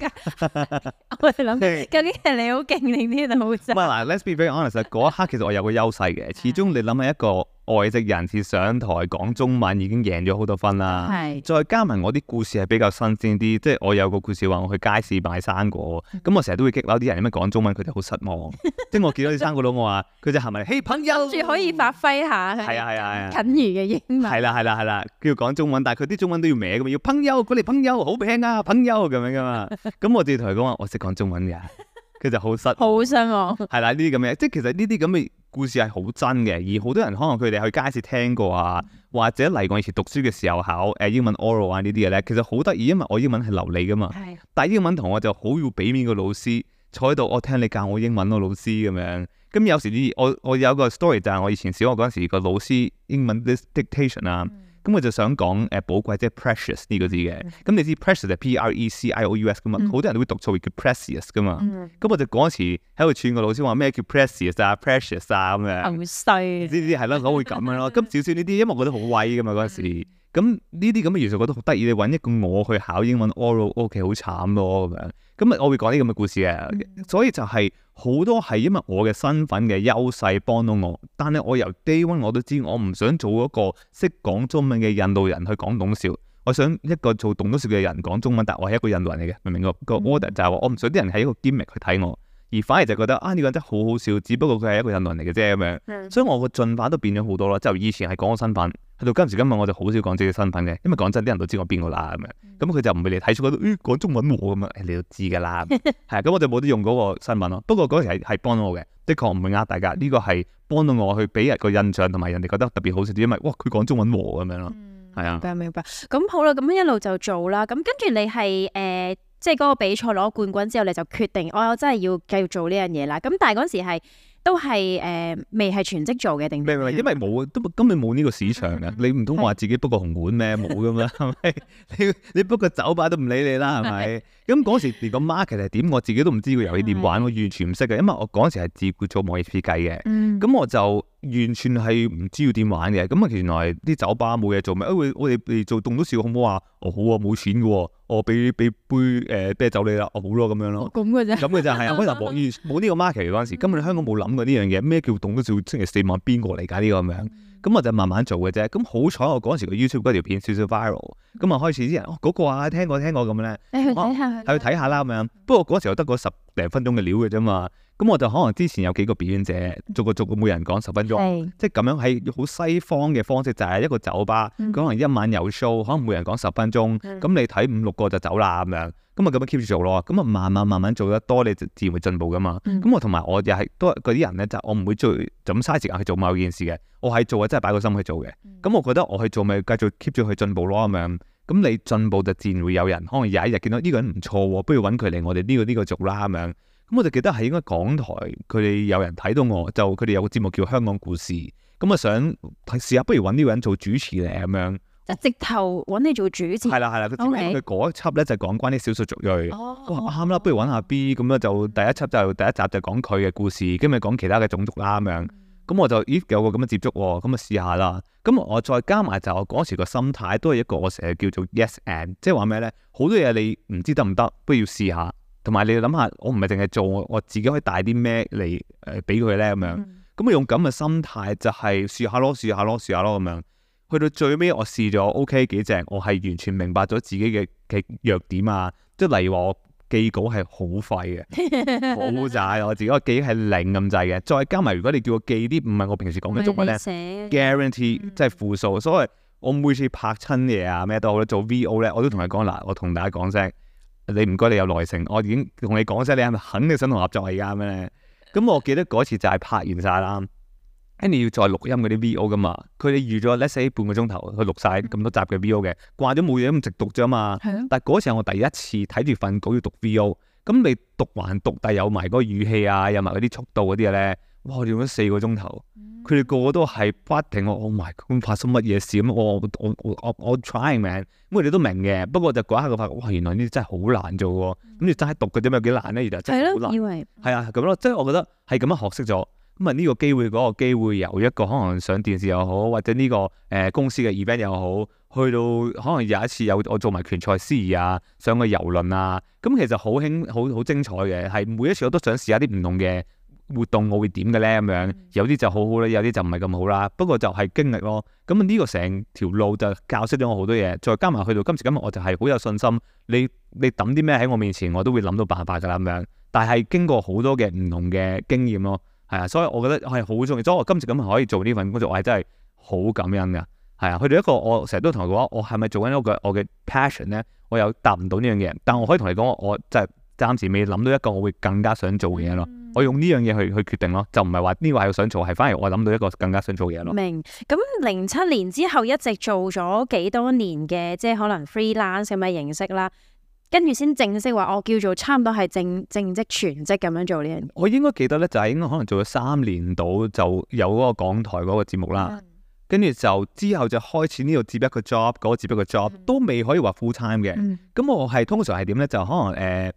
我係諗，究竟係你好勁定啲人好渣？喂嗱，Let's be very honest。嗰一刻其實我有個優勢嘅，始終你諗係一,一個。外籍人士上台講中文已經贏咗好多分啦，是再加埋我啲故事係比較新鮮啲，即係我有個故事話我去街市買生果，咁我成日都會激嬲啲人有咩講中文，佢哋好失望。即係 我見到啲生果佬，我話佢就係咪嘿朋友，仲、嗯、可以發揮下係啊係啊，近義嘅英文係啦係啦係啦，要、啊啊啊啊啊、講中文，但係佢啲中文都要歪噶嘛，要朋友，過嚟朋友好平啊朋友咁樣噶嘛，咁我就要同佢講話，我識講,講中文㗎、啊。佢就好失，好失望，係啦，呢啲咁嘅，即係其實呢啲咁嘅故事係好真嘅。而好多人可能佢哋去街市聽過啊，或者例如我以前讀書嘅時候考誒英文 oral 啊呢啲嘢咧，其實好得意，因為我英文係流利噶嘛。 但係英文同學就好要俾面個老師，坐喺度我聽你教我英文咯、啊，老師咁樣。咁有時啲我我有個 story 就係、是、我以前小學嗰陣時個老師英文 dictation 啊。 咁我就想講誒，寶貴即係 precious 呢個字嘅，咁你知 precious 係 p, p r e c i o u s 噶嘛，好、嗯、多人都會讀錯，叫 precious 噶嘛。咁、嗯、我就嗰陣時喺度串個老師話咩叫啊 precious 啊，precious 啊咁嘅，頭細、嗯。呢啲係咯，可能會咁樣咯。咁少少呢啲，因為我覺得好威噶嘛嗰陣時。咁呢啲咁嘅，元素覺得好得意。你揾一個我去考英文 oral，O.K.、OK, 好慘咯咁樣。咁啊，今我會講啲咁嘅故事嘅，所以就係、是、好多係因為我嘅身份嘅優勢幫到我，但係我由 day one 我都知，我唔想做一個識講中文嘅印度人去講棟篤笑，我想一個做棟篤笑嘅人講中文，但係我係一個印度人嚟嘅，明唔明，個個 order 就係話我唔想啲人喺個 gimmick 去睇我。而反而就覺得啊呢、呢個人真係好好笑，只不過佢係一個印度人嚟嘅啫咁樣，嗯、所以我個進化都變咗好多咯。就以前係講身份，去到今時今日我就好少講自己身份嘅，因為講真啲人都知我邊個啦咁樣。咁佢、嗯嗯、就唔會你睇出嗰講中文和咁啊，你都知㗎啦。咁哈哈、嗯嗯、我就冇得用嗰個身份咯。不過嗰陣係係幫到我嘅，的確唔會呃大家。呢個係幫到我去俾人個印象同埋人哋覺得特別好笑啲，因為哇佢講中文和咁樣咯。係啊、嗯，明白明白咁好啦，咁一路就做啦。咁跟住你係誒。啊即係嗰個比賽攞冠軍之後，你就決定我、哦、我真係要繼續做呢樣嘢啦。咁但係嗰陣時係都係誒、呃、未係全職做嘅，定未因為冇都根本冇呢個市場嘅。你唔通話自己 book 個紅館咩？冇嘅嘛？係咪？你你 book 個酒吧都唔理你啦，係咪？咁嗰 時連個 market 係點，我自己都唔知個遊戲點玩，我完全唔識嘅。因為我嗰陣時係自僱做網頁設計嘅，咁、 嗯、我就。完全係唔知要點玩嘅，咁啊，原來啲酒吧冇嘢做咩？因為我哋做棟篤笑，好唔好話？哦，好啊，冇錢嘅喎，我俾俾杯誒啤酒你啦，哦，好咯，啊，咁樣咯，咁嘅啫，咁嘅啫，係啊，嗰陣冇呢個 market 嗰陣時，根本香港冇諗過呢樣嘢，咩叫棟篤笑？星期四晚邊個嚟㗎？呢個咁樣，咁我就慢慢做嘅啫。咁好彩我嗰陣時個 YouTube 嗰條片少少 viral，咁啊開始啲人嗰個啊聽過聽過咁樣咧，你去睇下，我去睇下啦咁樣。看看 不過嗰陣時我得個十。零分鐘嘅料嘅啫嘛，咁我就可能之前有幾個表演者，逐個逐個每人講十分鐘，是即係咁樣喺好西方嘅方式，就係、是、一個酒吧，嗯、可能一晚有 show，可能每人講十分鐘，咁、嗯、你睇五六個就走啦咁樣，咁啊咁樣 keep 住做咯，咁啊慢慢慢慢做得多，你就自然會進步噶嘛。咁、嗯、我同埋我又係都嗰啲人咧，就是、我唔會最咁嘥時間去做某件事嘅，我係做嘅真係擺個心去做嘅，咁我覺得我去做咪繼續 keep 住去進步咯咁樣。咁你進步就自然會有人，可能有一日見到呢個人唔錯、啊，不如揾佢嚟我哋呢個呢個族啦咁樣。咁我就記得係應該港台佢哋有人睇到我，就佢哋有個節目叫《香港故事》，咁啊想試下，不如揾呢個人做主持嚟咁樣，就直頭揾你做主持。係啦係啦 OK，嗰一輯咧就講關啲少數族裔。哦、oh, oh。啱、啊、啦，不如揾下 B 咁咧，就第一輯就，第一，就第一集就講佢嘅故事，跟住講其他嘅種族啦咁樣。咁我就咦有個咁嘅接觸喎、哦，咁咪試下啦。咁我再加埋就我嗰時個心態都係一個我成日叫做 yes and，即係話咩呢？好多嘢你唔知得唔得，不如要試下。同埋你要諗下，我唔係淨係做我自己可以帶啲咩嚟誒俾佢呢。咁樣。咁我用咁嘅心態就係試下咯，試下咯，試下咯咁樣。去到最尾我試咗 OK 幾正，我係完全明白咗自己嘅弱點啊。即係例如話我。記稿係好廢嘅，好仔，我自己個記憶係零咁滯嘅。再加埋如果你叫我記啲唔係我平時講嘅中文咧，guarantee 即係負數。嗯、所以我每次拍親嘢啊，咩都好咧，做 VO 咧，我都同你講嗱，我同大家講聲，你唔該你有耐性，我已經同你講聲，你係咪肯定想同我合作而家咩咧？咁我記得嗰次就係拍完晒啦。 跟住要再錄音嗰啲 VO 噶嘛，佢哋預咗 let's say 半個鐘頭去錄晒咁多集嘅 VO 嘅，掛咗冇嘢咁直讀啫嘛。但係嗰次係我第一次睇住份稿要讀 VO，咁你讀還讀，但係有埋嗰個語氣啊，有埋嗰啲速度嗰啲嘢咧，哇！用咗四個鐘頭，佢哋個個都係不停 g 我，oh my，咁發生乜嘢事咁？我我我我我 trying man，咁佢哋都明嘅，不過就嗰一刻我發覺，哇、really！原來呢啲真係好難做喎。咁你真係讀嗰啲有幾難咧？原來真係好難。係啊，咁咯，即係我覺得係咁樣學識咗。咁啊呢個機會嗰個機會由一個可能上電視又好，或者呢個誒公司嘅 event 又好，去到可能有一次有我做埋拳賽司儀啊，上個遊輪啊，咁其實好興好好精彩嘅。係每一次我都想試下啲唔同嘅活動，我會點嘅呢？咁樣，有啲就好好啦，有啲就唔係咁好啦。不過就係經歷咯，咁呢個成條路就教識咗我好多嘢，再加埋去到今時今日，我就係好有信心，你你抌啲咩喺我面前，我都會諗到辦法噶啦咁樣。但係經過好多嘅唔同嘅經驗咯。係啊，所以我覺得我係好重要。所以我今次咁可以做呢份工作，我係真係好感恩噶。係啊，佢哋一個我成日都同佢講，我係咪做緊一個我嘅 passion 咧？我有答唔到呢樣嘢。但我可以同你講，我即係暫時未諗到一個我會更加想做嘅嘢咯。嗯，我用呢樣嘢去去決定咯，就唔係話呢個係想做，係反而我諗到一個更加想做嘅嘢咯。明，咁零七年之後一直做咗幾多年嘅，即係可能 freelance 咁嘅形式啦。跟住先正式話，我叫做差唔多係正正職全職咁樣做呢樣嘢。我應該記得呢，就係應該可能做咗三年到，就有嗰個港台嗰個節目啦。跟住就之後就開始呢度接一個 job，嗰個接一個 job，都未可以話 full time 嘅。咁我係通常係點呢？就可能誒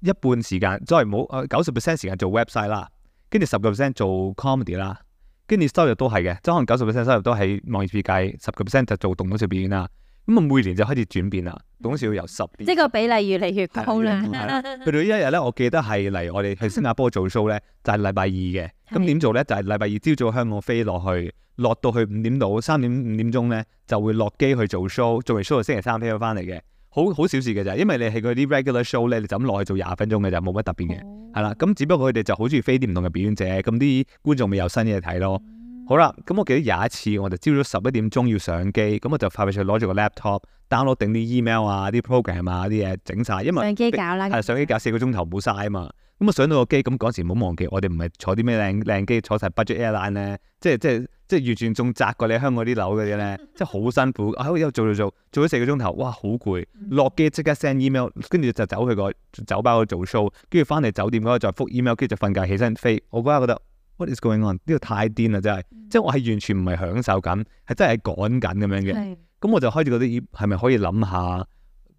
一半時間即係冇九十 percent 時間做 website 啦，跟住十個 percent 做 comedy 啦，跟住收入都係嘅，即可能九十 percent 收入都喺網頁設計，十個 percent 就做棟篤笑表演啦。咁啊，每年就開始轉變啦，董是要由十啲，即個比例越嚟越高啦。佢哋 呢一日咧，我記得係嚟我哋去新加坡做 show 咧，就係禮拜二嘅。咁點 做咧？就係禮拜二朝早香港飛落去，落到去五點到三點五點鐘咧，就會落機去做 show，做完 show 就星期三飛咗翻嚟嘅。好好小事嘅咋，因為你係嗰啲 regular show 咧，你就咁落去做廿分鐘嘅就冇乜特別嘅，係啦、哦。咁只不過佢哋就好中意飛啲唔同嘅表演者，咁啲觀眾咪有新嘢睇咯。好啦，咁我記得有一次，我就朝早十一點鐘要上機，咁我就快快脆攞住個 laptop，download 定啲 email 啊，啲 program 啊啲嘢整晒。因為上機搞啦，係的上機搞四個鐘頭冇嘥啊嘛。咁我上到個機，咁嗰時唔好忘記我，我哋唔係坐啲咩靚靚機，坐晒 budget airline 咧，即係即係即係完全仲窄過你香港啲樓嗰啲咧， 即係好辛苦。喺、哎、度做做做做咗四個鐘頭，哇，好攰。落機即刻 send email，跟住就走去、那個酒吧度做 show，跟住翻嚟酒店嗰度再覆 email，跟住就瞓覺，起身飛。我嗰日覺得。What is going on？呢個太癲啦，真係，嗯、即係我係完全唔係享受緊，係真係趕緊咁樣嘅。咁我就開始嗰啲，係咪可以諗下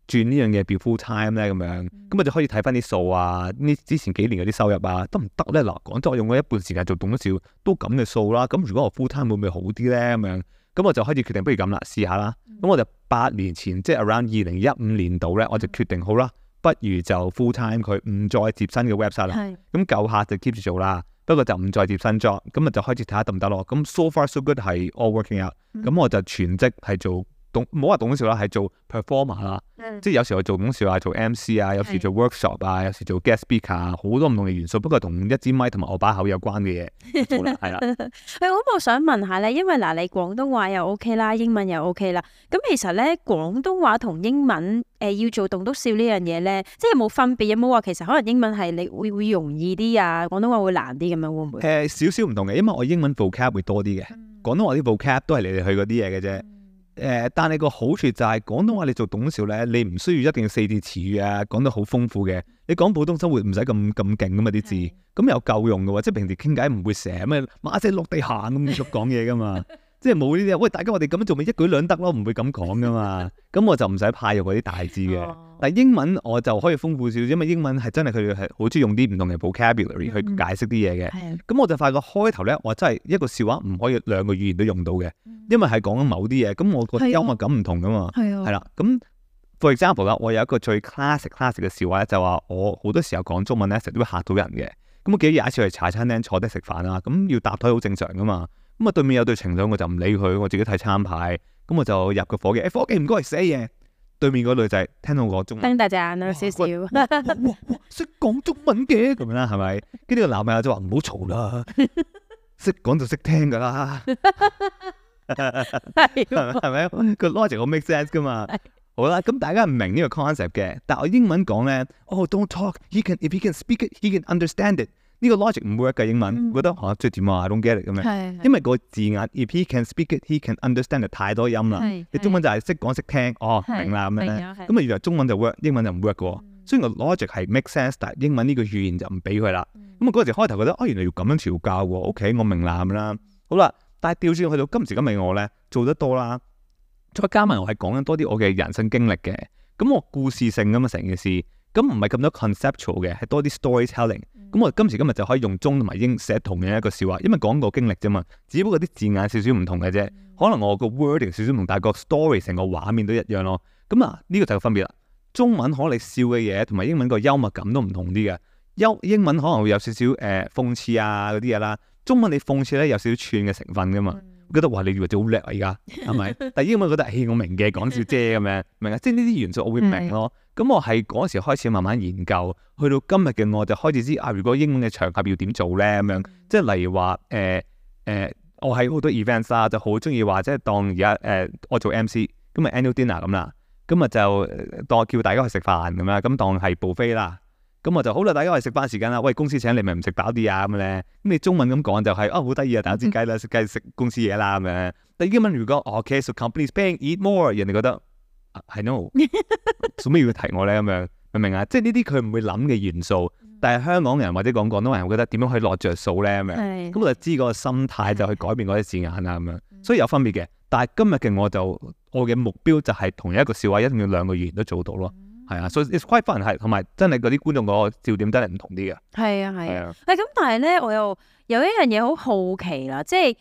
轉呢樣嘢？Full time 咧咁樣，咁我就可以睇翻啲數啊，呢之前幾年嗰啲收入啊，得唔得咧？嗱，講真，我用咗一半時間做咗少，都咁嘅數啦。咁如果我 full time 會唔會好啲咧？咁樣，咁我就開始決定，不如咁啦，試下啦。咁我就八年前，即係 around 二零一五年度咧，我就決定好啦，不如就 full time 佢，唔再接新嘅 website 啦。咁舊客就 keep 住做啦。不過就唔再接新作，咁啊就開始睇下得唔得咯。咁 so far so good 係 all working out，咁我就全職係做，冇唔話棟篤笑啦，係做 performer 啦，即係有時我做棟篤笑啊，做 MC 啊，有時做 workshop 啊，有時做 guest speaker 啊，好多唔同嘅元素，不過同一支麥同埋我把口有關嘅嘢，係啦。咁我想問下咧，因為嗱你廣東話又 OK 啦，英文又 OK 啦，咁其實咧廣東話同英文誒要做棟篤笑呢樣嘢咧，即係有冇分別？有冇話其實可能英文係你會會容易啲啊，廣東話會難啲咁樣會唔會？誒，少少唔同嘅，因為我英文 vocabulary 會多啲嘅，廣東話啲 vocab 都係嚟嚟去去嗰啲嘢嘅啫。誒，但係個好處就係、是、廣東話你做棟篤咧，你唔需要一定要四字詞語啊，講得好豐富嘅。你講普通生活唔使咁咁勁噶嘛啲字，咁有的夠用嘅喎。即係平時傾偈唔會成咩馬死落地行咁繼續講嘢噶嘛， 即係冇呢啲。喂，大家我哋咁樣做咪一舉兩得咯，唔會咁講噶嘛。咁我就唔使派入嗰啲大字嘅。 哦但英文我就可以豐富少少，因為英文係真係佢係好鍾意用啲唔同嘅 vocabulary 去解釋啲嘢嘅。咁、嗯嗯、我就發覺開頭咧，我真係一個笑話唔可以兩個語言都用到嘅，嗯、因為係講緊某啲嘢。咁我個幽默感唔同噶嘛。係啊、嗯。係、嗯、啦。咁，for example 啦，我有一個最 classic classic 嘅笑話咧，就話我好多時候講中文咧成日都會嚇到人嘅。咁我記得有一次去茶餐廳坐低食飯啦，咁要搭台好正常噶嘛。咁啊對面有對情侶，我就唔理佢，我自己睇餐牌。咁我就入個伙記，誒，伙記唔該寫嘢。對面個女仔聽到我講中文，瞪大隻眼咯少少。哇哇，識講中文嘅咁樣啦，係咪？跟住個男朋友就話唔好嘈啦，識講就識聽噶啦。係，係咪？個 logic 好 make sense 噶嘛。好啦，咁大家唔明呢個 concept 嘅，但我英文講咧，Oh, don't talk, he can, if he can speak it, he can understand it。呢個 logic 唔 work 嘅英文，嗯、覺得即、啊、即係點啊，I don't get it 咁樣是，因為個字眼是 if he can speak it, he can understand it, 太多音啦。是你中文就係識講識聽，哦，是明啦咁樣咁啊，原來中文就 work，英文就唔 work 嘅、哦。嗯、雖然個 logic 係 make sense，但係英文呢個語言就唔俾佢啦。咁啊，嗰陣時開頭覺得，哦、啊，原來要咁樣調教喎、哦。OK，、嗯嗯、我明啦咁啦。好啦，但係調轉去到今時今日我咧做得多啦，再加埋我係講緊多啲我嘅人生經歷嘅，咁我故事性咁啊成件事。咁唔係咁多 conceptual 嘅，係多啲 storytelling。咁我今時今日就可以用中同埋英寫同樣一個笑話，因為講個經歷啫嘛。只不過啲字眼少少唔同嘅啫，可能我個 wording 少少同，但係個 story 成個畫面都一樣咯。咁啊，呢個就係分別啦。中文可能你笑嘅嘢同埋英文個幽默感都唔同啲嘅。英英文可能會有少少誒諷刺啊嗰啲嘢啦，中文你諷刺咧有少少串嘅成分噶嘛。覺得話，你以為就好叻啊！而家係咪？ 但係英文覺得係我明嘅，講笑啫咁樣，明啊？即係呢啲元素我會明咯。咁 我係嗰時開始慢慢研究，去到今日嘅我就開始知啊。如果英文嘅場合要點做咧咁樣？即係例如話誒誒，我喺好多 event 啦，就好中意話即係當而家誒，我做 MC 咁啊，annual dinner 咁啦，咁啊就當我叫大家去食飯咁樣，咁當係 buffet 啦。咁我就好啦，大家係食飯時間啦。喂，公司請你咪唔食飽啲啊咁咧。咁你，你中文咁講就係、是、啊，好得意啊，打支雞啦，食雞食公司嘢啦咁樣。Mm hmm. 但英文如果 casual company spend eat more，人哋覺得、uh,，I know，做咩 要提我咧咁樣？明唔明啊？即係呢啲佢唔會諗嘅元素，mm hmm. 但係香港人或者講廣東人，會覺得點樣可以落著數咧咁樣。咁、mm hmm. 我就知個心態就去改變啲字眼啊咁樣，mm hmm. 所以有分別嘅。但係今日嘅我就我嘅目標就係同一個笑話，一定要兩個語言都做到咯。Mm hmm. 係啊，所以 it's quite fun 係，同埋真係嗰啲觀眾嗰個笑點真係唔同啲嘅。係啊係啊，誒咁、啊啊、但係咧，我又有一樣嘢好好奇啦，即係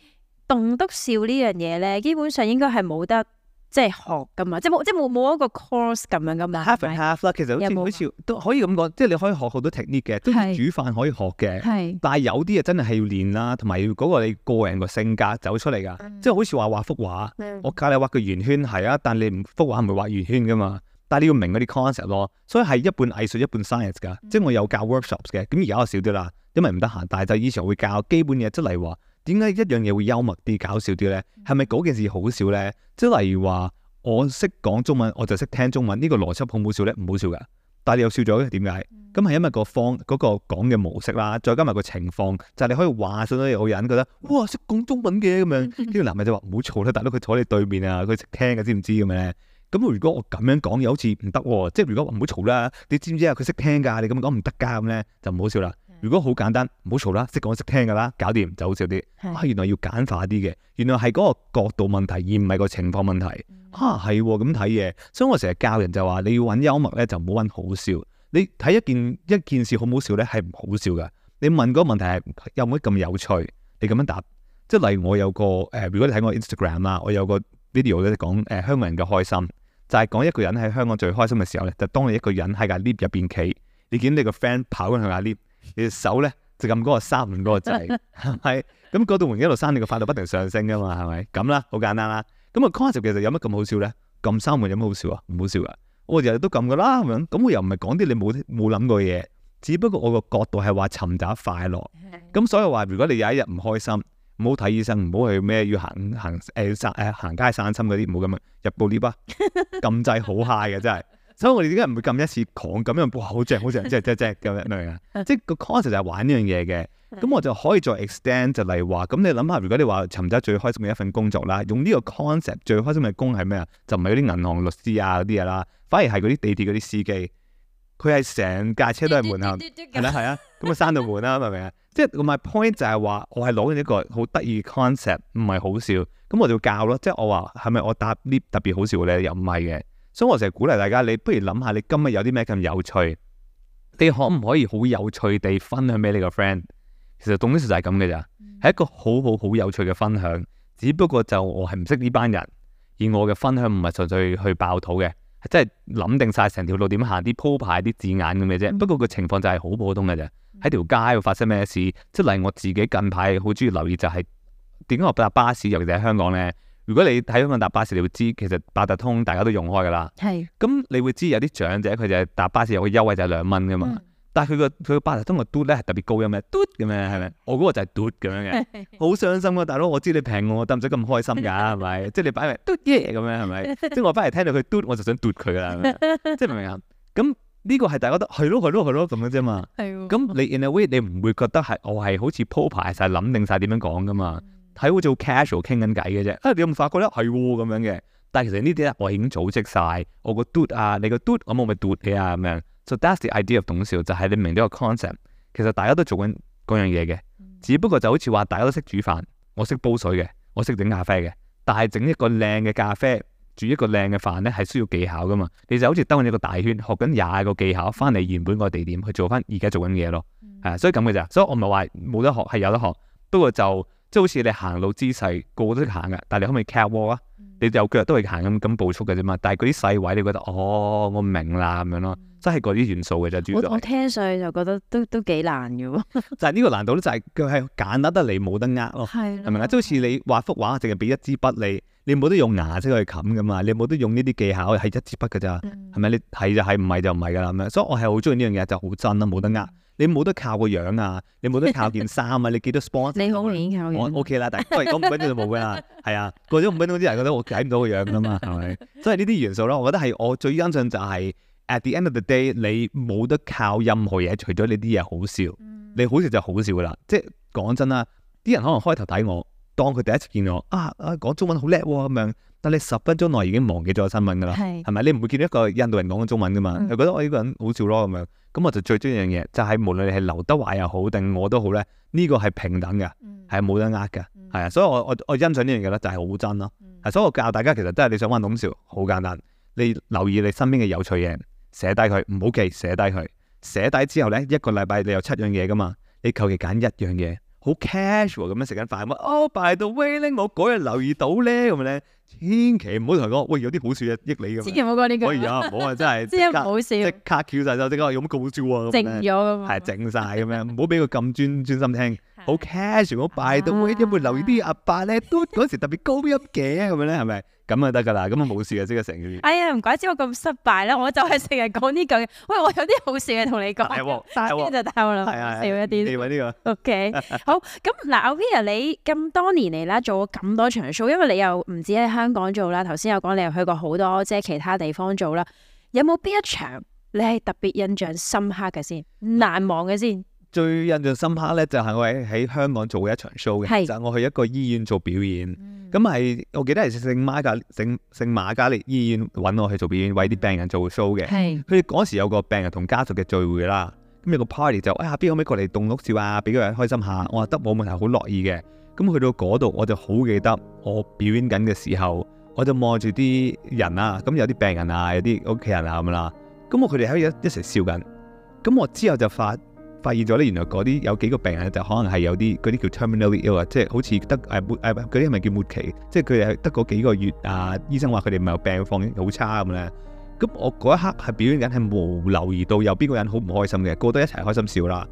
棟篤笑呢樣嘢咧，基本上應該係冇得即係學噶嘛，即係冇即係冇冇一個 course 咁樣噶嘛。啦，Half and half, 其實好似好似都可以咁講，即係你可以學好多 technique 嘅，即煮飯可以學嘅，是但係有啲啊真係係要練啦，同埋嗰個你個人個性格走出嚟噶，mm. 即係好似話畫幅畫，mm. 我教你畫個圓圈係啊，但你唔幅畫唔係畫圓圈噶嘛。但你要明嗰啲 concept 咯，所以係一半藝術一半 science 㗎。即係我有教 workshops 嘅，咁而家我少啲啦，因為唔得閒。但係就以前我會教基本嘢即例如話，點解一樣嘢會幽默啲、搞笑啲咧？係咪嗰件事好笑咧？即係例如話，我識講中文，我就識聽中文，呢個邏輯好唔好笑咧？唔好笑㗎。但係你又笑咗嘅，點解？咁係因為個方嗰個講嘅模式啦，再加埋個情況，就係你可以話上咗有人覺得，哇，識講中文嘅咁樣，呢個男嘅就話唔好嘈啦，大佬，佢坐你對面啊，佢識聽嘅，知唔知咁樣咧？咁如果我咁樣講又好似唔得喎，即係如果唔好嘈啦，你知唔知啊？佢識聽㗎，你咁講唔得㗎，咁咧就唔好笑啦。如果好簡單，唔好嘈啦，識講識聽㗎啦，搞掂就好笑啲。的啊，原來要簡化啲嘅，原來係嗰個角度問題而唔係個情況問題。嗯、啊，係咁睇嘢，所以我成日教人就話，你要揾幽默咧就唔好揾好笑。你睇一件一件事好唔好笑咧，係唔好笑㗎。你問嗰個問題係有冇咁有，有趣？你咁樣答，即係例如我有個誒、呃，如果你睇我 Instagram 啦，我有個 video 咧、呃呃、講誒香港人嘅開心。就係講一個人喺香港最開心嘅時候咧，就是、當你一個人喺架 lift 入邊企，你見你,你個 friend 跑緊去架 lift，你隻手咧就撳嗰個閂門、 那個掣，係咁嗰道門一路閂，你個快樂不停上升噶嘛，係咪？咁啦，好簡單啦。咁啊 concept 其實有乜咁好笑咧？咁閂門有乜好笑啊？唔好笑啊！我日日都撳噶啦，咁樣。咁我又唔係講啲你冇冇諗過嘢，只不過我個角度係話尋找快樂。咁所以話，如果你有一日唔開心。唔好睇醫生，唔好去咩？要行行誒散、呃、行街散心嗰啲，唔好咁樣入 lift 啊！撳制好 high 嘅真係，所以我哋點解唔會撳一次狂咁樣？哇，好正，好正， 即係即係咁樣明啊？即係個 concept 就係玩呢樣嘢嘅，咁我就可以再 extend 就例如話，咁你諗下，如果你話尋找最開心嘅一份工作啦，用呢個 concept 最開心嘅工係咩啊？就唔係嗰啲銀行、律師啊嗰啲嘢啦，反而係嗰啲地鐵嗰啲司機，佢係成架車都係門口，係啦係啊，咁啊閂到門啦，明唔明啊？即係我 my point 就係話，我係攞緊一個好得意 concept，唔係好笑咁，我就教咯。即係我話係咪我搭 lift 特別好笑咧？又唔係嘅，所以我成日鼓勵大家，你不如諗下你今日有啲咩咁有趣，你可唔可以好有趣地分享俾你個 friend？其實重點就係咁嘅咋，係一個好好好有趣嘅分享，只不過就我係唔識呢班人，而我嘅分享唔係純粹去爆肚嘅。係真係諗定晒成條路點行，啲鋪排、啲字眼咁嘅啫。嗯、不過個情況就係好普通嘅啫。喺條街會發生咩事？即係例如我自己近排好中意留意就係點解我搭巴士，尤其是香港呢。如果你喺香港搭巴士，你會知其實八達通大家都用開噶啦。係是。咁你會知有啲長者佢就係搭巴士有個優惠就係兩蚊噶嘛。嗯但係佢個佢個八達通個嘟 o 咧係特別高音咩嘟？o 咁樣係咪？我嗰個就係嘟 o 咁樣嘅，好傷心啊！大佬，我知你平我，但唔使咁開心㗎，係咪？即係你擺明嘟嘢咁樣係咪？即係我翻嚟聽到佢嘟，我就想嘟佢啦，即係明唔明啊？咁呢個係大家都係咯，係咯，係咯咁樣啫嘛。係。咁你 in a way 你唔會覺得係我係好似鋪排晒、諗定晒點樣講㗎嘛？係會做 casual 傾緊偈嘅啫。你有冇發覺咧係喎咁樣嘅？但係其實呢啲咧我已經組織晒，我個嘟啊，你個嘟，o 我冇咪嘟你啊咁樣。So that's the idea of 棟篤笑就係、是、你明呢個 concept，其實大家都做緊嗰樣嘢嘅，嗯、只不過就好似話大家都識煮飯，我識煲水嘅，我識整咖啡嘅，但係整一個靚嘅咖啡，煮一個靚嘅飯咧係需要技巧噶嘛。你就好似兜緊一個大圈，學緊廿個技巧，翻嚟原本個地點去做翻而家做緊嘢咯。係、嗯啊、所以咁嘅咋，所以我唔係話冇得學，係有得學。不過就即係好似你行路姿勢，個個都識行噶，但係你可唔可以 catwalk 啊？你有腳都係行咁咁步速嘅啫嘛，但係嗰啲細位你覺得哦，我明啦咁樣咯，真係嗰啲元素嘅啫。主要我我聽上去就覺得都都幾難嘅喎。 就係呢個難度就係佢係簡單得嚟冇得呃咯，係咪？的即係好似你畫幅畫，淨係俾一支筆你，你冇得用顏色去冚噶嘛，你冇得用呢啲技巧係一支筆嘅咋，係咪、嗯？你係就係、是，唔係就唔係噶啦咁樣。所以我係好中意呢樣嘢，就好真啦，冇得呃。你冇得靠個樣啊，你冇得靠件衫啊， 你幾多 sponsor？你好容易靠樣，okay。我 OK 啦，但係喂，講五分鐘就冇嘅啦，係啊，過咗五分鐘啲人覺得我睇唔到個樣㗎嘛，係咪？ 所以呢啲元素咯，我覺得係我最欣賞就係、是、at the end of the day，你冇得靠任何嘢，除咗你啲嘢好笑，你好笑就好笑㗎啦。 即係講真啦，啲人可能開頭睇我，當佢第一次見我啊，啊，啊，講中文好叻咁樣。但你十分鐘內已經忘記咗新聞噶啦，係咪？你唔會見到一個印度人講嘅中文噶嘛？又覺得我呢個人好笑咯咁樣。咁我就最中意一樣嘢，就係無論你係劉德華又好，定我都好咧，呢個係平等嘅，係冇得呃嘅，係啊。所以我我我欣賞呢樣嘢咧，就係好真咯。所以我教大家其實真係你想玩棟篤笑，好簡單，你留意你身邊嘅有趣嘢，寫低佢，唔好記，寫低佢。寫低之後咧，一個禮拜你有七樣嘢噶嘛，你求其揀一樣嘢，好 casual 咁樣食緊飯，我哦 by the way 我嗰日留意到咧，咁咧。千祈唔好同佢講，喂，有啲好笑嘅益你咁。千祈唔好講呢句，可以啊，唔好啊，真係，即係唔好笑。即刻翹晒手，即刻，有乜咁好笑啊？靜咗咁嘛，係靜晒咁樣，唔好俾佢咁專專心聽，好 casual，好拜倒，有冇留意啲阿伯咧，都嗰時特別高音嘅咁樣咧，係咪？咁啊得噶啦，咁啊冇事嘅，即刻成。哎呀，唔怪之我咁失敗啦，我就係成日講呢句，喂，我有啲好笑嘅同你講，係喎，帶喎，就帶我啦，笑一啲。呢個？OK，好，咁嗱，阿 Vivek 你咁多年嚟啦，做咗咁多場 show，因為你又唔止香港做啦，頭先有講，你又去過好多即係其他地方做啦，有冇邊一場你係特別印象深刻嘅先，難忘嘅先、嗯？最印象深刻咧就係、是、我喺香港做嘅一場 show 嘅，是就我去一個醫院做表演，咁係、嗯、我記得係聖瑪加聖聖瑪加利醫院搵我去做表演，為啲病人做 show 嘅。係佢哋嗰時有個病人同家屬嘅聚會啦，咁、那、有個 party 就誒下邊可唔可以過嚟棟篤笑啊，俾佢哋開心下，嗯、我話得冇問題，好樂意嘅。咁去到嗰度，我就好記得我表演緊嘅時候，我就望住啲人啊，咁有啲病人啊，有啲屋企人啊咁啦。咁我佢哋喺一一齊笑緊。咁我之後就發發現咗咧，原來嗰啲有幾個病人就可能係有啲嗰啲叫 terminally ill 啊，即係好似得誒嗰啲係咪叫末期？即係佢哋係得嗰幾個月啊。醫生話佢哋咪有病況好差咁咧。咁我嗰一刻係表演緊，係無留意到有邊個人好唔開心嘅，過得一齊開心笑啦。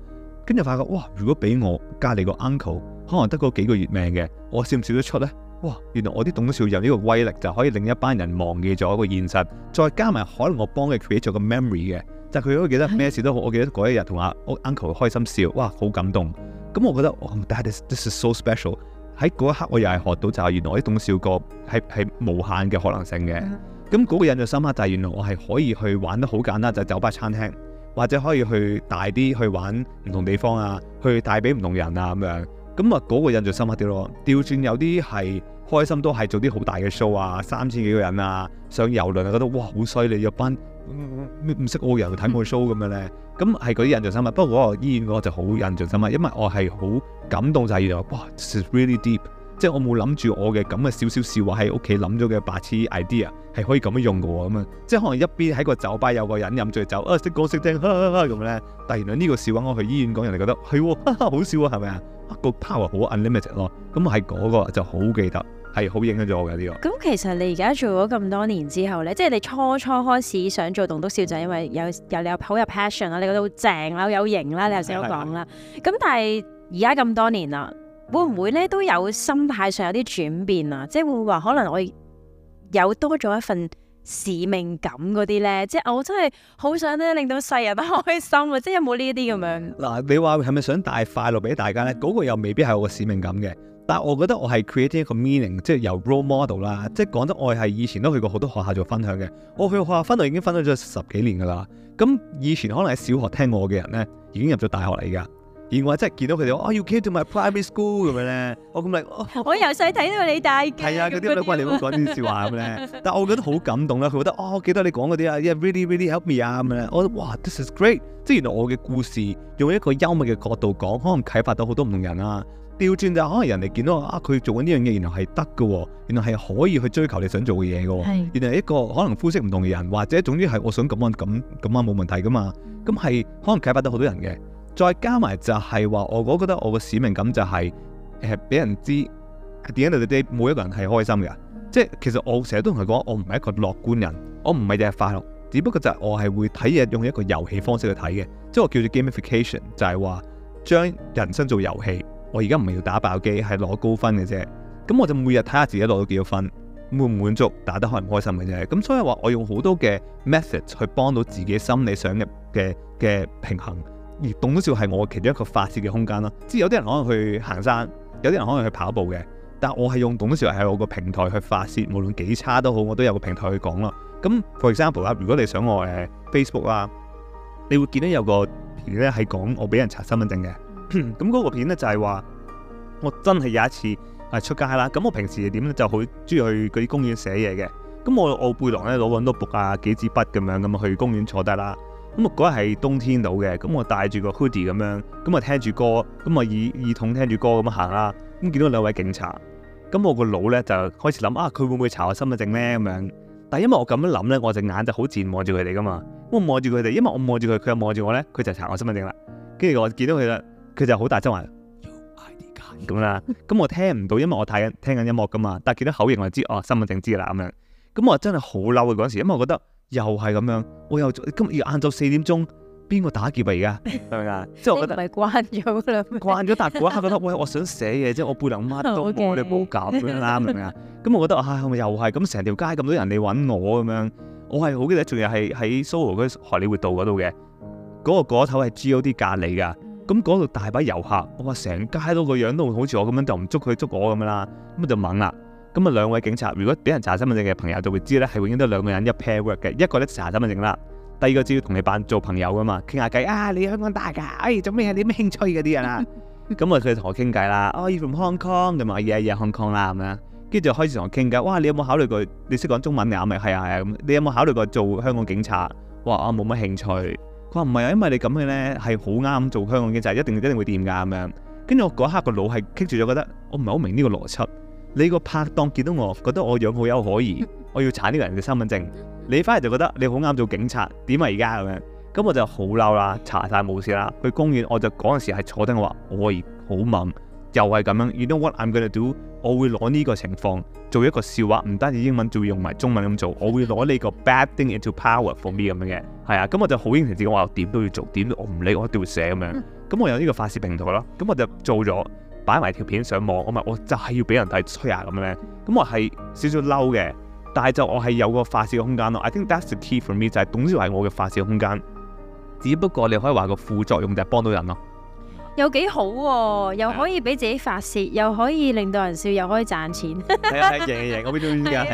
跟住發覺哇，如果俾我隔籬個 uncle，可能得嗰幾個月命嘅，我笑唔笑得出呢？哇！原來我啲棟篤笑有呢個威力，就可以令一班人忘記咗個現實。再加埋可能我幫佢 create 咗個 memory 嘅，就佢、是、都記得咩事都好。我記得嗰一日同阿 Uncle 開心笑，哇，好感動。咁我覺得但係、oh, this is so special。喺嗰一刻我又係學到就係原來啲棟篤笑個係係無限嘅可能性嘅。咁嗰、mm hmm. 個印象深刻就係原來我係可以去玩得好簡單，就係、酒吧、餐廳，或者可以去大啲去玩唔同地方啊，去帶俾唔同人啊咁樣。咁啊，嗰個印象深刻啲咯。調轉有啲係開心，都係做啲好大嘅 show 啊，三千幾個人啊，上遊輪啊，覺得哇好犀利！一班唔唔識澳人睇我 show 咁樣咧，咁係嗰啲印象深刻。不過我醫院我就好印象深刻，因為我係好感動就係話，哇，this is really deep。即係我冇諗住我嘅咁嘅少少笑話喺屋企諗咗嘅白痴 idea 係可以咁樣用嘅咁啊！即係可能一邊喺個酒吧有個人飲醉酒，啊識講識聽，咁咧。但原來呢個笑話我去醫院講，人哋覺得係，哈哈好笑啊，係咪啊？個 power 好 unlimited 咯。咁係嗰個就好記得，係好影響咗我嘅呢、這個。咁其實你而家做咗咁多年之後咧，即係你初初開始想做棟篤笑就係因為有有你好有 passion 啦，pass ion，你覺得好正啦，有型啦，你頭先都講啦。咁但係而家咁多年啦。會唔會咧都有心態上有啲轉變啊？即係會唔會話可能我有多咗一份使命感嗰啲咧？即係我真係好想咧令到世人都開心啊！即係有冇呢一啲咁樣？嗱，你話係咪想帶快樂俾大家咧？嗰個又未必係我嘅使命感嘅。但係我覺得我係 creating 一個 meaning，即係由 role model 啦，即係講得我係以前都去過好多學校做分享嘅。我去學校分享已經分享咗十幾年噶啦。咁以前可能喺小學聽我嘅人咧，已經入咗大學嚟噶。而我真係見到佢哋，我、oh, you came to my primary school 咁樣咧， 我咁咪、oh, 我由細睇到你大嘅，係啊，嗰啲老闆點講啲笑話咁咧？ 但我覺得好感動啦，佢覺得哦，oh, 記得你講嗰啲啊，依、yeah, 個 really really help me 啊咁樣咧，我哇、wow，this is great！即係原來我嘅故事用一個幽默嘅角度講，可能啟發到好多唔同人啊。調轉就可能人哋見到啊，佢做緊呢樣嘢，原來係得嘅喎，原來係可以去追求你想做嘅嘢嘅喎， 原來一個可能膚色唔同嘅人，或者總之係我想咁樣咁咁樣冇問題噶嘛，咁係可能啟發到好多人嘅。再加埋就係話，我我覺得我個使命感就係誒俾人知點解你哋每一個人係開心嘅。即係其實我成日都同佢講，我唔係一個樂觀人，我唔係淨係快樂，只不過就係我係會睇嘢用一個遊戲方式去睇嘅，即係我叫做 gamification，就係話將人生做遊戲。我而家唔係要打爆機，係攞高分嘅啫。咁我就每日睇下自己攞到幾多分，滿唔滿足，打得開唔開心嘅啫。咁所以話我用好多嘅 methods 去幫到自己心理想嘅嘅嘅平衡。而棟篤笑係我其中一個發洩嘅空間咯，即係有啲人可能去行山，有啲人可能去跑步嘅，但我係用棟篤笑係我個平台去發洩，無論幾差都好，我都有個平台去講咯。咁 For example 啦，如果你想我誒、呃、Facebook 啦、啊，你會見到有個片咧係講我俾人查身份證嘅，咁嗰 個片咧就係話我真係有一次係出街啦，咁我平時點咧就好中意去嗰啲公園寫嘢嘅，咁我我背囊咧攞咁多簿啊，幾支筆咁樣咁去公園坐低啦。咁我嗰日係冬天到嘅，咁我戴住個 hoodie 咁樣，咁我聽住歌，咁啊耳耳筒聽住歌咁行啦。咁見到有兩位警察，咁我個腦咧就開始諗啊，佢會唔會查我身份證咧？咁樣，但係因為我咁樣諗咧，我隻眼就好賤望住佢哋噶嘛。咁我望住佢哋，因為我望住佢，佢又望住我咧，佢就查我身份證啦。跟住我見到佢咧，佢就好大聲話咁啦。咁 are 我聽唔到，因為我聽緊聽緊音樂噶嘛。但係見到口型我就知，哦、啊，身份證知啦咁樣。咁我真係好嬲嘅嗰時，因為我覺得。又係咁樣，我又今日晏晝四點鐘，邊個打劫嚟噶？明唔明啊？即係 我覺得關咗啦，關咗， 但係嗰一刻覺得，喂，我想寫嘢，即係我背囊乜都冇，我哋補夾咁樣啦， 明唔明啊？咁、嗯、我覺得啊，係、哎、咪又係咁？成條街咁多人嚟搵我咁樣，我係好記得，仲係喺 Soho 嗰啲荷里活道嗰、那個、度嘅，嗰、那個果頭係 G O D 隔籬噶，咁嗰度大把遊客，我話成街都個樣都好似我咁樣，就唔捉佢捉我咁樣啦，咁就猛啦。咁啊，兩位警察，如果俾人查身份證嘅朋友就會知咧，係永遠都係兩個人一 pair work 嘅，一個咧查身份證啦，第二個只要同你扮做朋友噶嘛，傾下偈啊，你香港大噶，哎做咩啊，你咩興趣嗰啲啊，咁啊佢同我傾偈啦，哦，from Hong Kong，咁啊，yeah yeah Hong Kong 啦咁樣，跟住就開始同我傾偈，哇，你有冇考慮過？你識講中文㗎咪？係啊係啊咁，你有冇考慮過做香港警察？哇，我冇乜興趣。佢話唔係啊，因為你咁嘅咧係好啱做香港警察，一定一定會掂噶咁樣。跟住我嗰刻個腦係棘住咗，覺得我唔係好明呢個邏輯。你個拍檔見到我，覺得我樣好有可疑，我要查呢個人嘅身份證。你翻嚟就覺得你好啱做警察，點啊而家咁樣？咁我就好嬲啦，查晒冇事啦。去公園我就嗰陣時係坐定話，我好猛，又係咁樣。You know what I'm going to do？我會攞呢個情況做一個笑話，唔單止英文，仲要用埋中文咁做。我會攞你個 bad thing into power for me 咁樣嘅，係啊。咁我就好應承自己，我點都要做，點我唔理，我都要寫咁、嗯、樣。咁我有呢個發泄平台咯，咁我就做咗。擺埋條片上網，我咪我就係要俾人睇衰下咁咧，咁我係少少嬲嘅，但係就我係有個發泄嘅空間咯。I think that's the key for me，就係總之話係我嘅發泄空間，只不過你可以話個副作用就係幫到人咯。有幾好喎？又可以俾自己發泄，又可以令到人笑，又可以賺錢。係啊，係啊，係啊，係啊，係啊，係啊，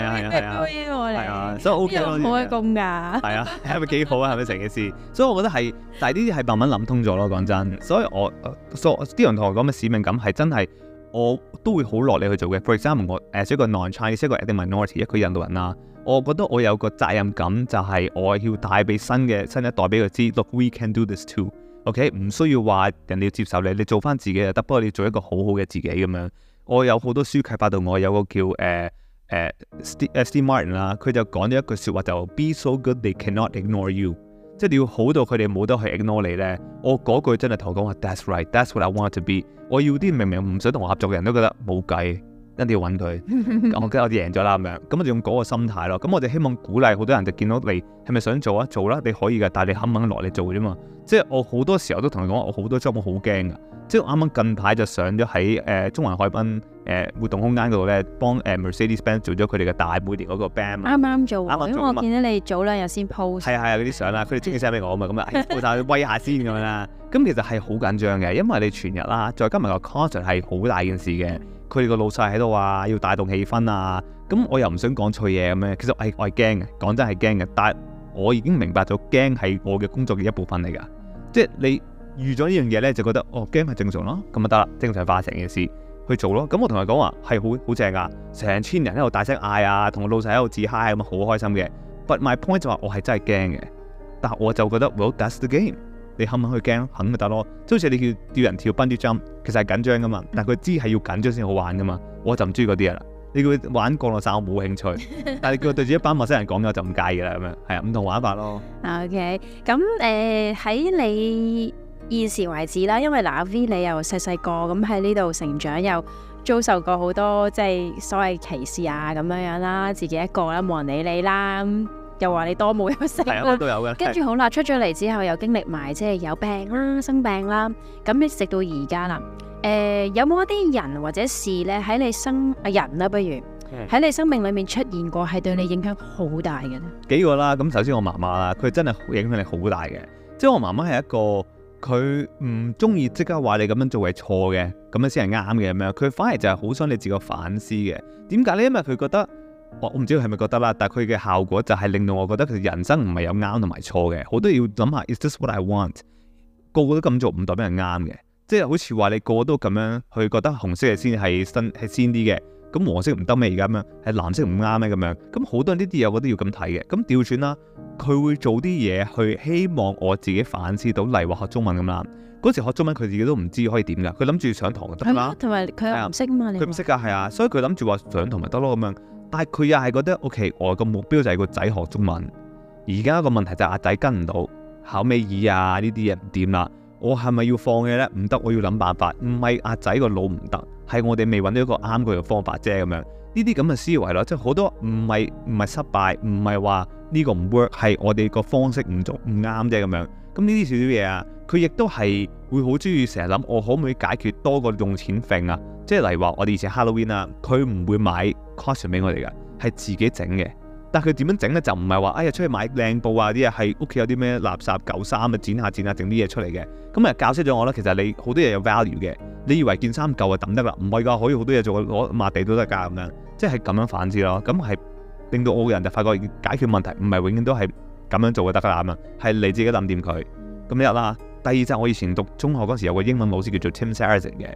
係啊，係啊！所以 OK 咯，冇乜工㗎。係啊，係咪幾好啊？係咪成件事？所以我覺得係，但係呢啲係慢慢諗通咗咯。講真，所以我所啲人同我講嘅使命感係真係，我都會好落力去做嘅。For example，我一個 non-Chinese 一個 ethnic minority 一個印度人啦，我覺得我有個責任感，就係我要帶俾新嘅新一代俾佢知，Look, we can do this too。OK，唔需要話人哋要接受你，你做翻自己就得。不過你做一個好好嘅自己咁樣，我有好多書啟發到我。有個叫誒誒、uh, uh, St. i MartinSteve Martin 啦、啊，佢就講咗一句説話就，就 Be so good they cannot ignore you，即係你要好到佢哋冇得去 ignore 你呢。我嗰句真係同佢講話，That's right，that's what I want to be。我要啲明明唔想同我合作嘅人都覺得冇計。一定要揾佢，咁 我覺得我哋贏咗啦咁樣，咁我哋用嗰個心態咯。咁我哋希望鼓勵好多人就見到你係咪想做啊？做啦、啊，你可以噶，但係你肯唔肯落嚟做啫嘛？即係我好多時候都同佢講，我好多 job 好驚噶。即係啱啱近排就上咗喺誒中環海濱誒、呃、活動空間度咧，幫、呃、Mercedes-Benz 做咗佢哋嘅大每年嗰個 band。啱啱做，啱啱做啊！咁我見到你早兩日先 post 係啊係啊嗰啲相啦，佢哋先 send 俾我嘛，咁啊 post 威下先咁樣啦。咁其實係好緊張嘅，因為你全日啦，再加埋個 concert 係好大件事嘅。佢哋個老細喺度話要帶動氣氛啊，咁我又唔想講錯嘢咁樣，其實我係驚嘅，講真係驚嘅。但係我已經明白咗，驚係我嘅工作嘅一部分嚟噶，即係你遇咗呢樣嘢呢，就覺得哦，驚係正常咯，咁啊得啦，正常化成件事去做咯。咁我同佢講話係好好正噶，成、啊、千人喺度大聲嗌啊，同個老細喺度自嗨 i 咁啊，好開心嘅。But my point 就話我係真係驚嘅，但係我就覺得 well that's the game。你肯唔肯去驚，肯咪得咯。即好似你叫叫人跳 Bungee Jump，其實係緊張噶嘛。但係佢知係要緊張先好玩噶嘛。我就唔中意嗰啲嘢啦。你叫佢玩降落傘，我冇興趣。但係你叫佢對住一班陌生人講嘢我就唔介意噶啦咁樣。係啊，唔同玩法咯。OK，咁誒喺你現時為止啦，因為嗱 V 你又細細個咁喺呢度成長，又遭受過好多即係所謂歧視啊咁樣樣啦，自己一個啦，冇人理你啦。又話你多冇休息，都、啊、有嘅。跟住好啦，是出咗嚟之後又經歷埋即係有病啦、生病啦，咁咧直到而家啦。誒、呃，有冇一啲人或者事咧喺你生啊人啦，不如喺是你生命裏面出現過係對你影響好大嘅咧、嗯？幾個啦，咁首先我媽媽啦，佢真係影響力好大嘅，即係我媽媽係一個佢唔中意即刻話你咁樣做係錯嘅，咁樣先係啱嘅咁樣。佢反而就係好想你自我反思嘅。點解咧？因為佢覺得。我唔知佢係咪覺得啦，但係佢嘅效果就係令到我覺得其實人生唔係有啱同埋錯嘅，好多要諗下。Is this what I want？個，個個都咁做唔代表係啱嘅，即係好似話你個個都咁樣去覺得紅色係先係新係鮮啲嘅，咁黃色唔得咩？而家咁樣係藍色唔啱咩？咁樣咁好多人呢啲嘢我覺得要咁睇嘅。咁調轉啦，佢會做啲嘢去希望我自己反思到，例如話學中文咁啦。嗰時學中文佢自己都唔知可以點噶，佢諗住上堂得啦，同埋佢又唔識嘛，佢唔識噶，係啊的是，所以佢諗住話上堂咪得咯咁樣。但係佢又係覺得，OK，我個目標就係個仔學中文。而家個問題就係阿仔跟唔到，考咩語啊，呢啲嘢唔掂啦。我係咪要放棄呢？唔得，我要諗辦法。唔係阿仔個腦唔得，係我哋未揾到一個啱佢嘅方法啫。咁樣呢啲咁嘅思維咯，即係好多唔係唔係失敗，唔係話呢個唔 work，係我哋個方式唔足，唔啱啫。咁樣咁呢啲少少嘢啊，佢亦都係會好中意成日諗，我可唔可以解決多過用錢揈啊？即係例如話，我哋以前 Halloween 啊，佢唔會買。question 俾我哋噶，係自己整嘅。但係佢點樣整呢？就唔係話哎呀出去買靚布啊啲啊，係屋企有啲咩垃圾舊衫啊，剪下剪下整啲嘢出嚟嘅。咁啊教識咗我啦，其實你好多嘢有 value 嘅。你以為件衫舊啊抌得啦？唔係噶，可以好多嘢做，攞抹地都得噶。咁樣即係咁樣反思咯。咁係令到我個人就發覺，解決問題唔係永遠都係咁樣做就得啦嘛，係、嗯、你自己諗掂佢。咁一日啦、啊，第二就是、我以前讀中學嗰時候有個英文老師叫做 Tim Sarason 嘅，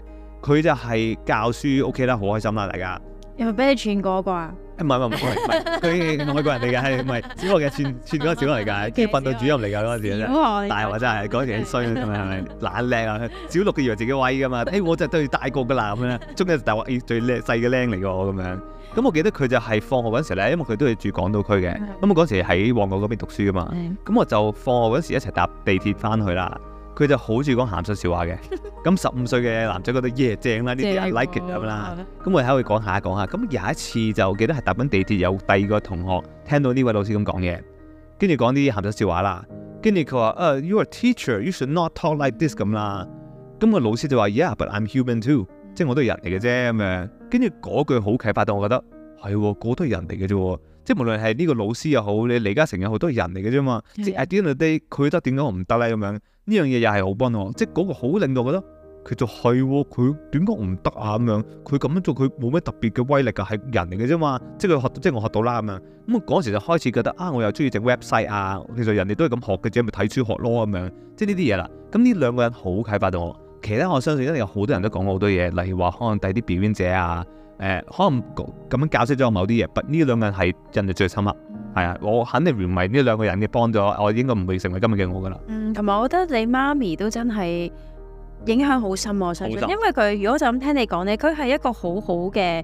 佢就係教書。OK 啦，好開心啦，大家。有冇俾你串過嗰個啊？唔係唔係唔係，佢外國人嚟嘅。係唔係小學嘅串串嗰個字嚟㗎？跟住頻到主任嚟㗎嗰陣時咧，我大話真係嗰陣時衰，係咪？係咪？懶靚啊，小六佢以為自己威噶嘛？誒、哎，我就對大個嘅啦咁樣，中一就大話誒最靚細嘅靚嚟㗎我咁樣。咁我記得佢就係放學嗰陣時咧，因為佢都係住港島區嘅，咁我嗰時喺旺角嗰邊讀書㗎嘛。咁我就放學嗰陣時一齊搭地鐵翻去啦。佢就好中意講鹹濕笑話嘅，咁十五歲嘅男仔覺得耶、yeah, 正啦，呢啲 like 咁啦，咁、啊、我喺度講下講下，咁有一次就記得係搭緊地鐵，有第二個同學聽到呢位老師咁講嘢，跟住講啲鹹濕笑話啦，跟住佢話誒，you are a teacher，you should not talk like this 咁啦，咁、嗯、個老師就話，yeah but I'm human too，即係我都係人嚟嘅啫咁樣，跟住嗰句好啟發到我覺得係，我、啊、都係人嚟嘅啫，即係無論係呢個老師又好，你李嘉誠又好，都係人嚟嘅啫嘛，即係 at the end of the day, 佢得點解我唔得啦咁樣。呢樣嘢又係好幫我，即係嗰個好令到我咯。佢就係，佢點解唔得啊？咁樣佢咁樣做，佢冇咩特別嘅威力啊，係人嚟嘅啫嘛。即係佢學，即係我學到啦咁樣。咁、嗯、啊，嗰時就開始覺得啊，我又中意整 website 啊。其實人哋都係咁學嘅啫，咪睇書學咯咁樣、嗯。即係呢啲嘢啦。咁呢兩個人好啟發到我。其實我相信一定有好多人都講過好多嘢，例如話可能第啲表演者啊。誒、呃、可能咁樣教識咗我某啲嘢，但呢兩個人係人哋最親密，係啊，我肯定唔係呢兩個人嘅幫助，我應該唔會成為今日嘅我噶啦。同埋、嗯、我覺得你媽咪都真係影響好深啊，深因為佢如果就咁聽你講呢，佢係一個好好嘅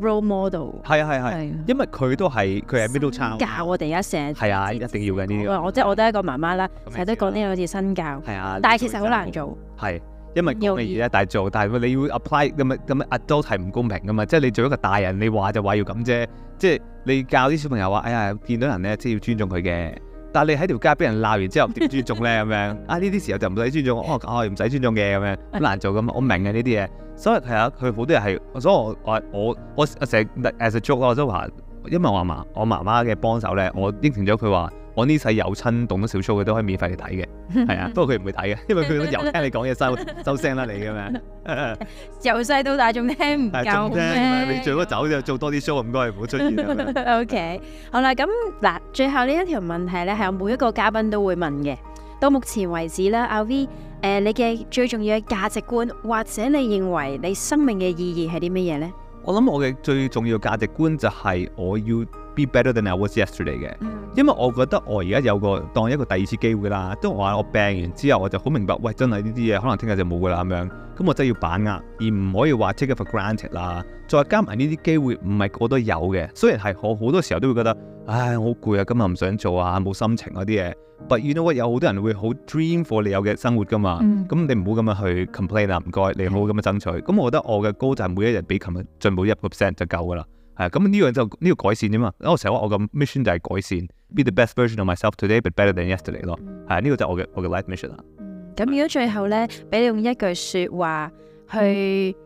role model。的因為佢都係佢係 middle class 教我哋而家成日啊，一定要嘅呢、這個。我即係我都係一個媽媽啦，成日樣都講呢樣好似身教，係的但係其實好難做，係。因為咁嘅嘢咧，大做，但係你要 apply 咁樣咁樣 adult 係唔公平噶嘛，即係你做一個大人，你話就話要咁啫，即係你教啲小朋友話，哎呀，見到人咧，即、就、係、是、要尊重佢嘅，但係你喺條街俾人鬧完之後點尊重咧咁 樣？啊呢啲時候就唔使尊重，我、哦。哦唔使尊重嘅咁樣，好難做咁。我明嘅呢啲嘢，所以係啊，佢、so, 好多人係，所、so, 以我我我成日 as a joke 咯，即係話，因為我阿嫲我媽媽嘅幫手咧，我應承咗佢話。我呢世有親棟篤笑 show，佢都可以免費嚟睇嘅，係啊。不過佢唔會睇嘅，因為佢都由聽你講嘢收收聲啦，你咁樣，由細 到大仲聽唔夠咩？你最好走就做多啲 show，唔該唔好出現 OK，好啦，咁嗱，最後呢一條問題咧，係我每一個嘉賓都會問嘅。到目前為止咧，阿 V，誒、呃，你嘅最重要嘅價值觀，或者你認為你生命嘅意義係啲乜嘢咧？我諗我嘅最重要價值觀就係我要。Be better than I was yesterday 嘅，嗯、因為我覺得我而家有個當一個第二次機會啦。都話我病完之後，我就好明白，喂，真係呢啲嘢可能聽日就冇㗎啦咁樣。咁我真係要把握，而唔可以話 take it for granted 啦。再加埋呢啲機會，唔係個個都有嘅。雖然係我好多時候都會覺得，唉，我好攰啊，今日唔想做啊，冇心情嗰啲嘢。But you know what，有好多人會好 dream for 你有嘅生活㗎嘛。咁、嗯、你唔好咁樣去 complain 啦，唔該，你唔好咁樣、嗯、爭取。咁我覺得我嘅 goal 就係每一日比琴日進步一個 percent 就夠㗎啦。係咁呢樣就呢個改善啫嘛。我成日話我嘅 mission 就係改善，be the best version of myself today，but better than yesterday 咯。係呢個就係我嘅我嘅 life mission 啦。咁如果最後咧，俾你用一句説話去，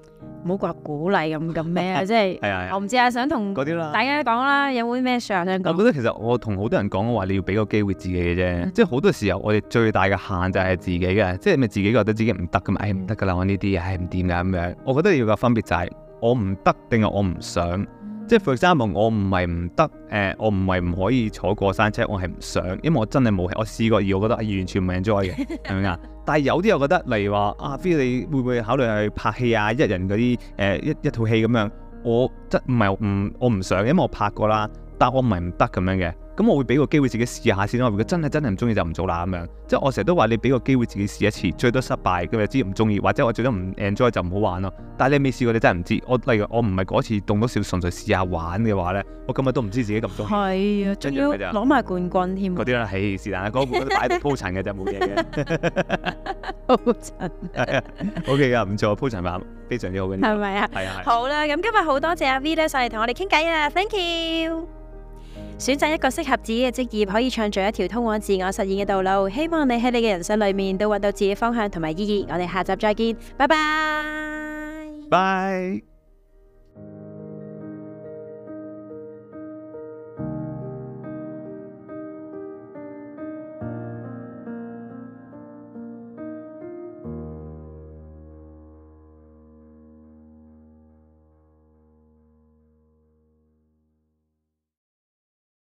唔好話鼓勵咁咁咩啊，即係我唔知啊， 知想同大家講啦， 有冇啲咩説話我想？我覺得其實我同好多人講嘅話，你要俾個機會自己嘅啫。 即係好多時候，我哋最大嘅限制係自己嘅，即係咪自己覺得自己唔得咁啊？唔得㗎啦，我呢啲係唔掂㗎咁樣。我覺得要嘅分別就係、是、我唔得定係我唔想，即係 for example，我唔係唔得，誒，我唔係唔可以坐過山車，我係唔想，因為我真係冇，我試過而我覺得完全唔 enjoy 嘅，係咪啊？但係有啲我覺得，例如話啊飛，v，你會唔會考慮去拍戲啊？一人嗰啲誒一一套戲咁樣，我即唔係唔我唔想，因為我拍過啦，但我唔係唔得咁樣嘅。咁我會俾個機會自己試下先咯。如果真係真係唔中意就唔做啦咁樣。即係我成日都話你俾個機會自己試一次，最多失敗咁就知唔中意，或者我最多唔 enjoy 就唔好玩咯。但係你未試過，你真係唔知。我例如我唔係嗰次動咗少，純粹試下玩嘅話咧，我今日都唔知自己咁中意。係啊，仲要攞埋冠軍添。嗰啲啦，係是但啦，嗰冠軍擺啲鋪陳嘅就冇嘢嘅。鋪陳。O K 噶，唔錯，鋪陳版非常之好嘅。係咪 啊？係啊。好啦，咁今日好多謝阿 V 咧上嚟同我哋傾偈啊，Thank you。選擇一個適合自己嘅職業，可以創造一條通往自我實現嘅道路。希望你喺你嘅人生裏面都揾到自己方向同埋意義。我哋下集再見，拜拜。拜。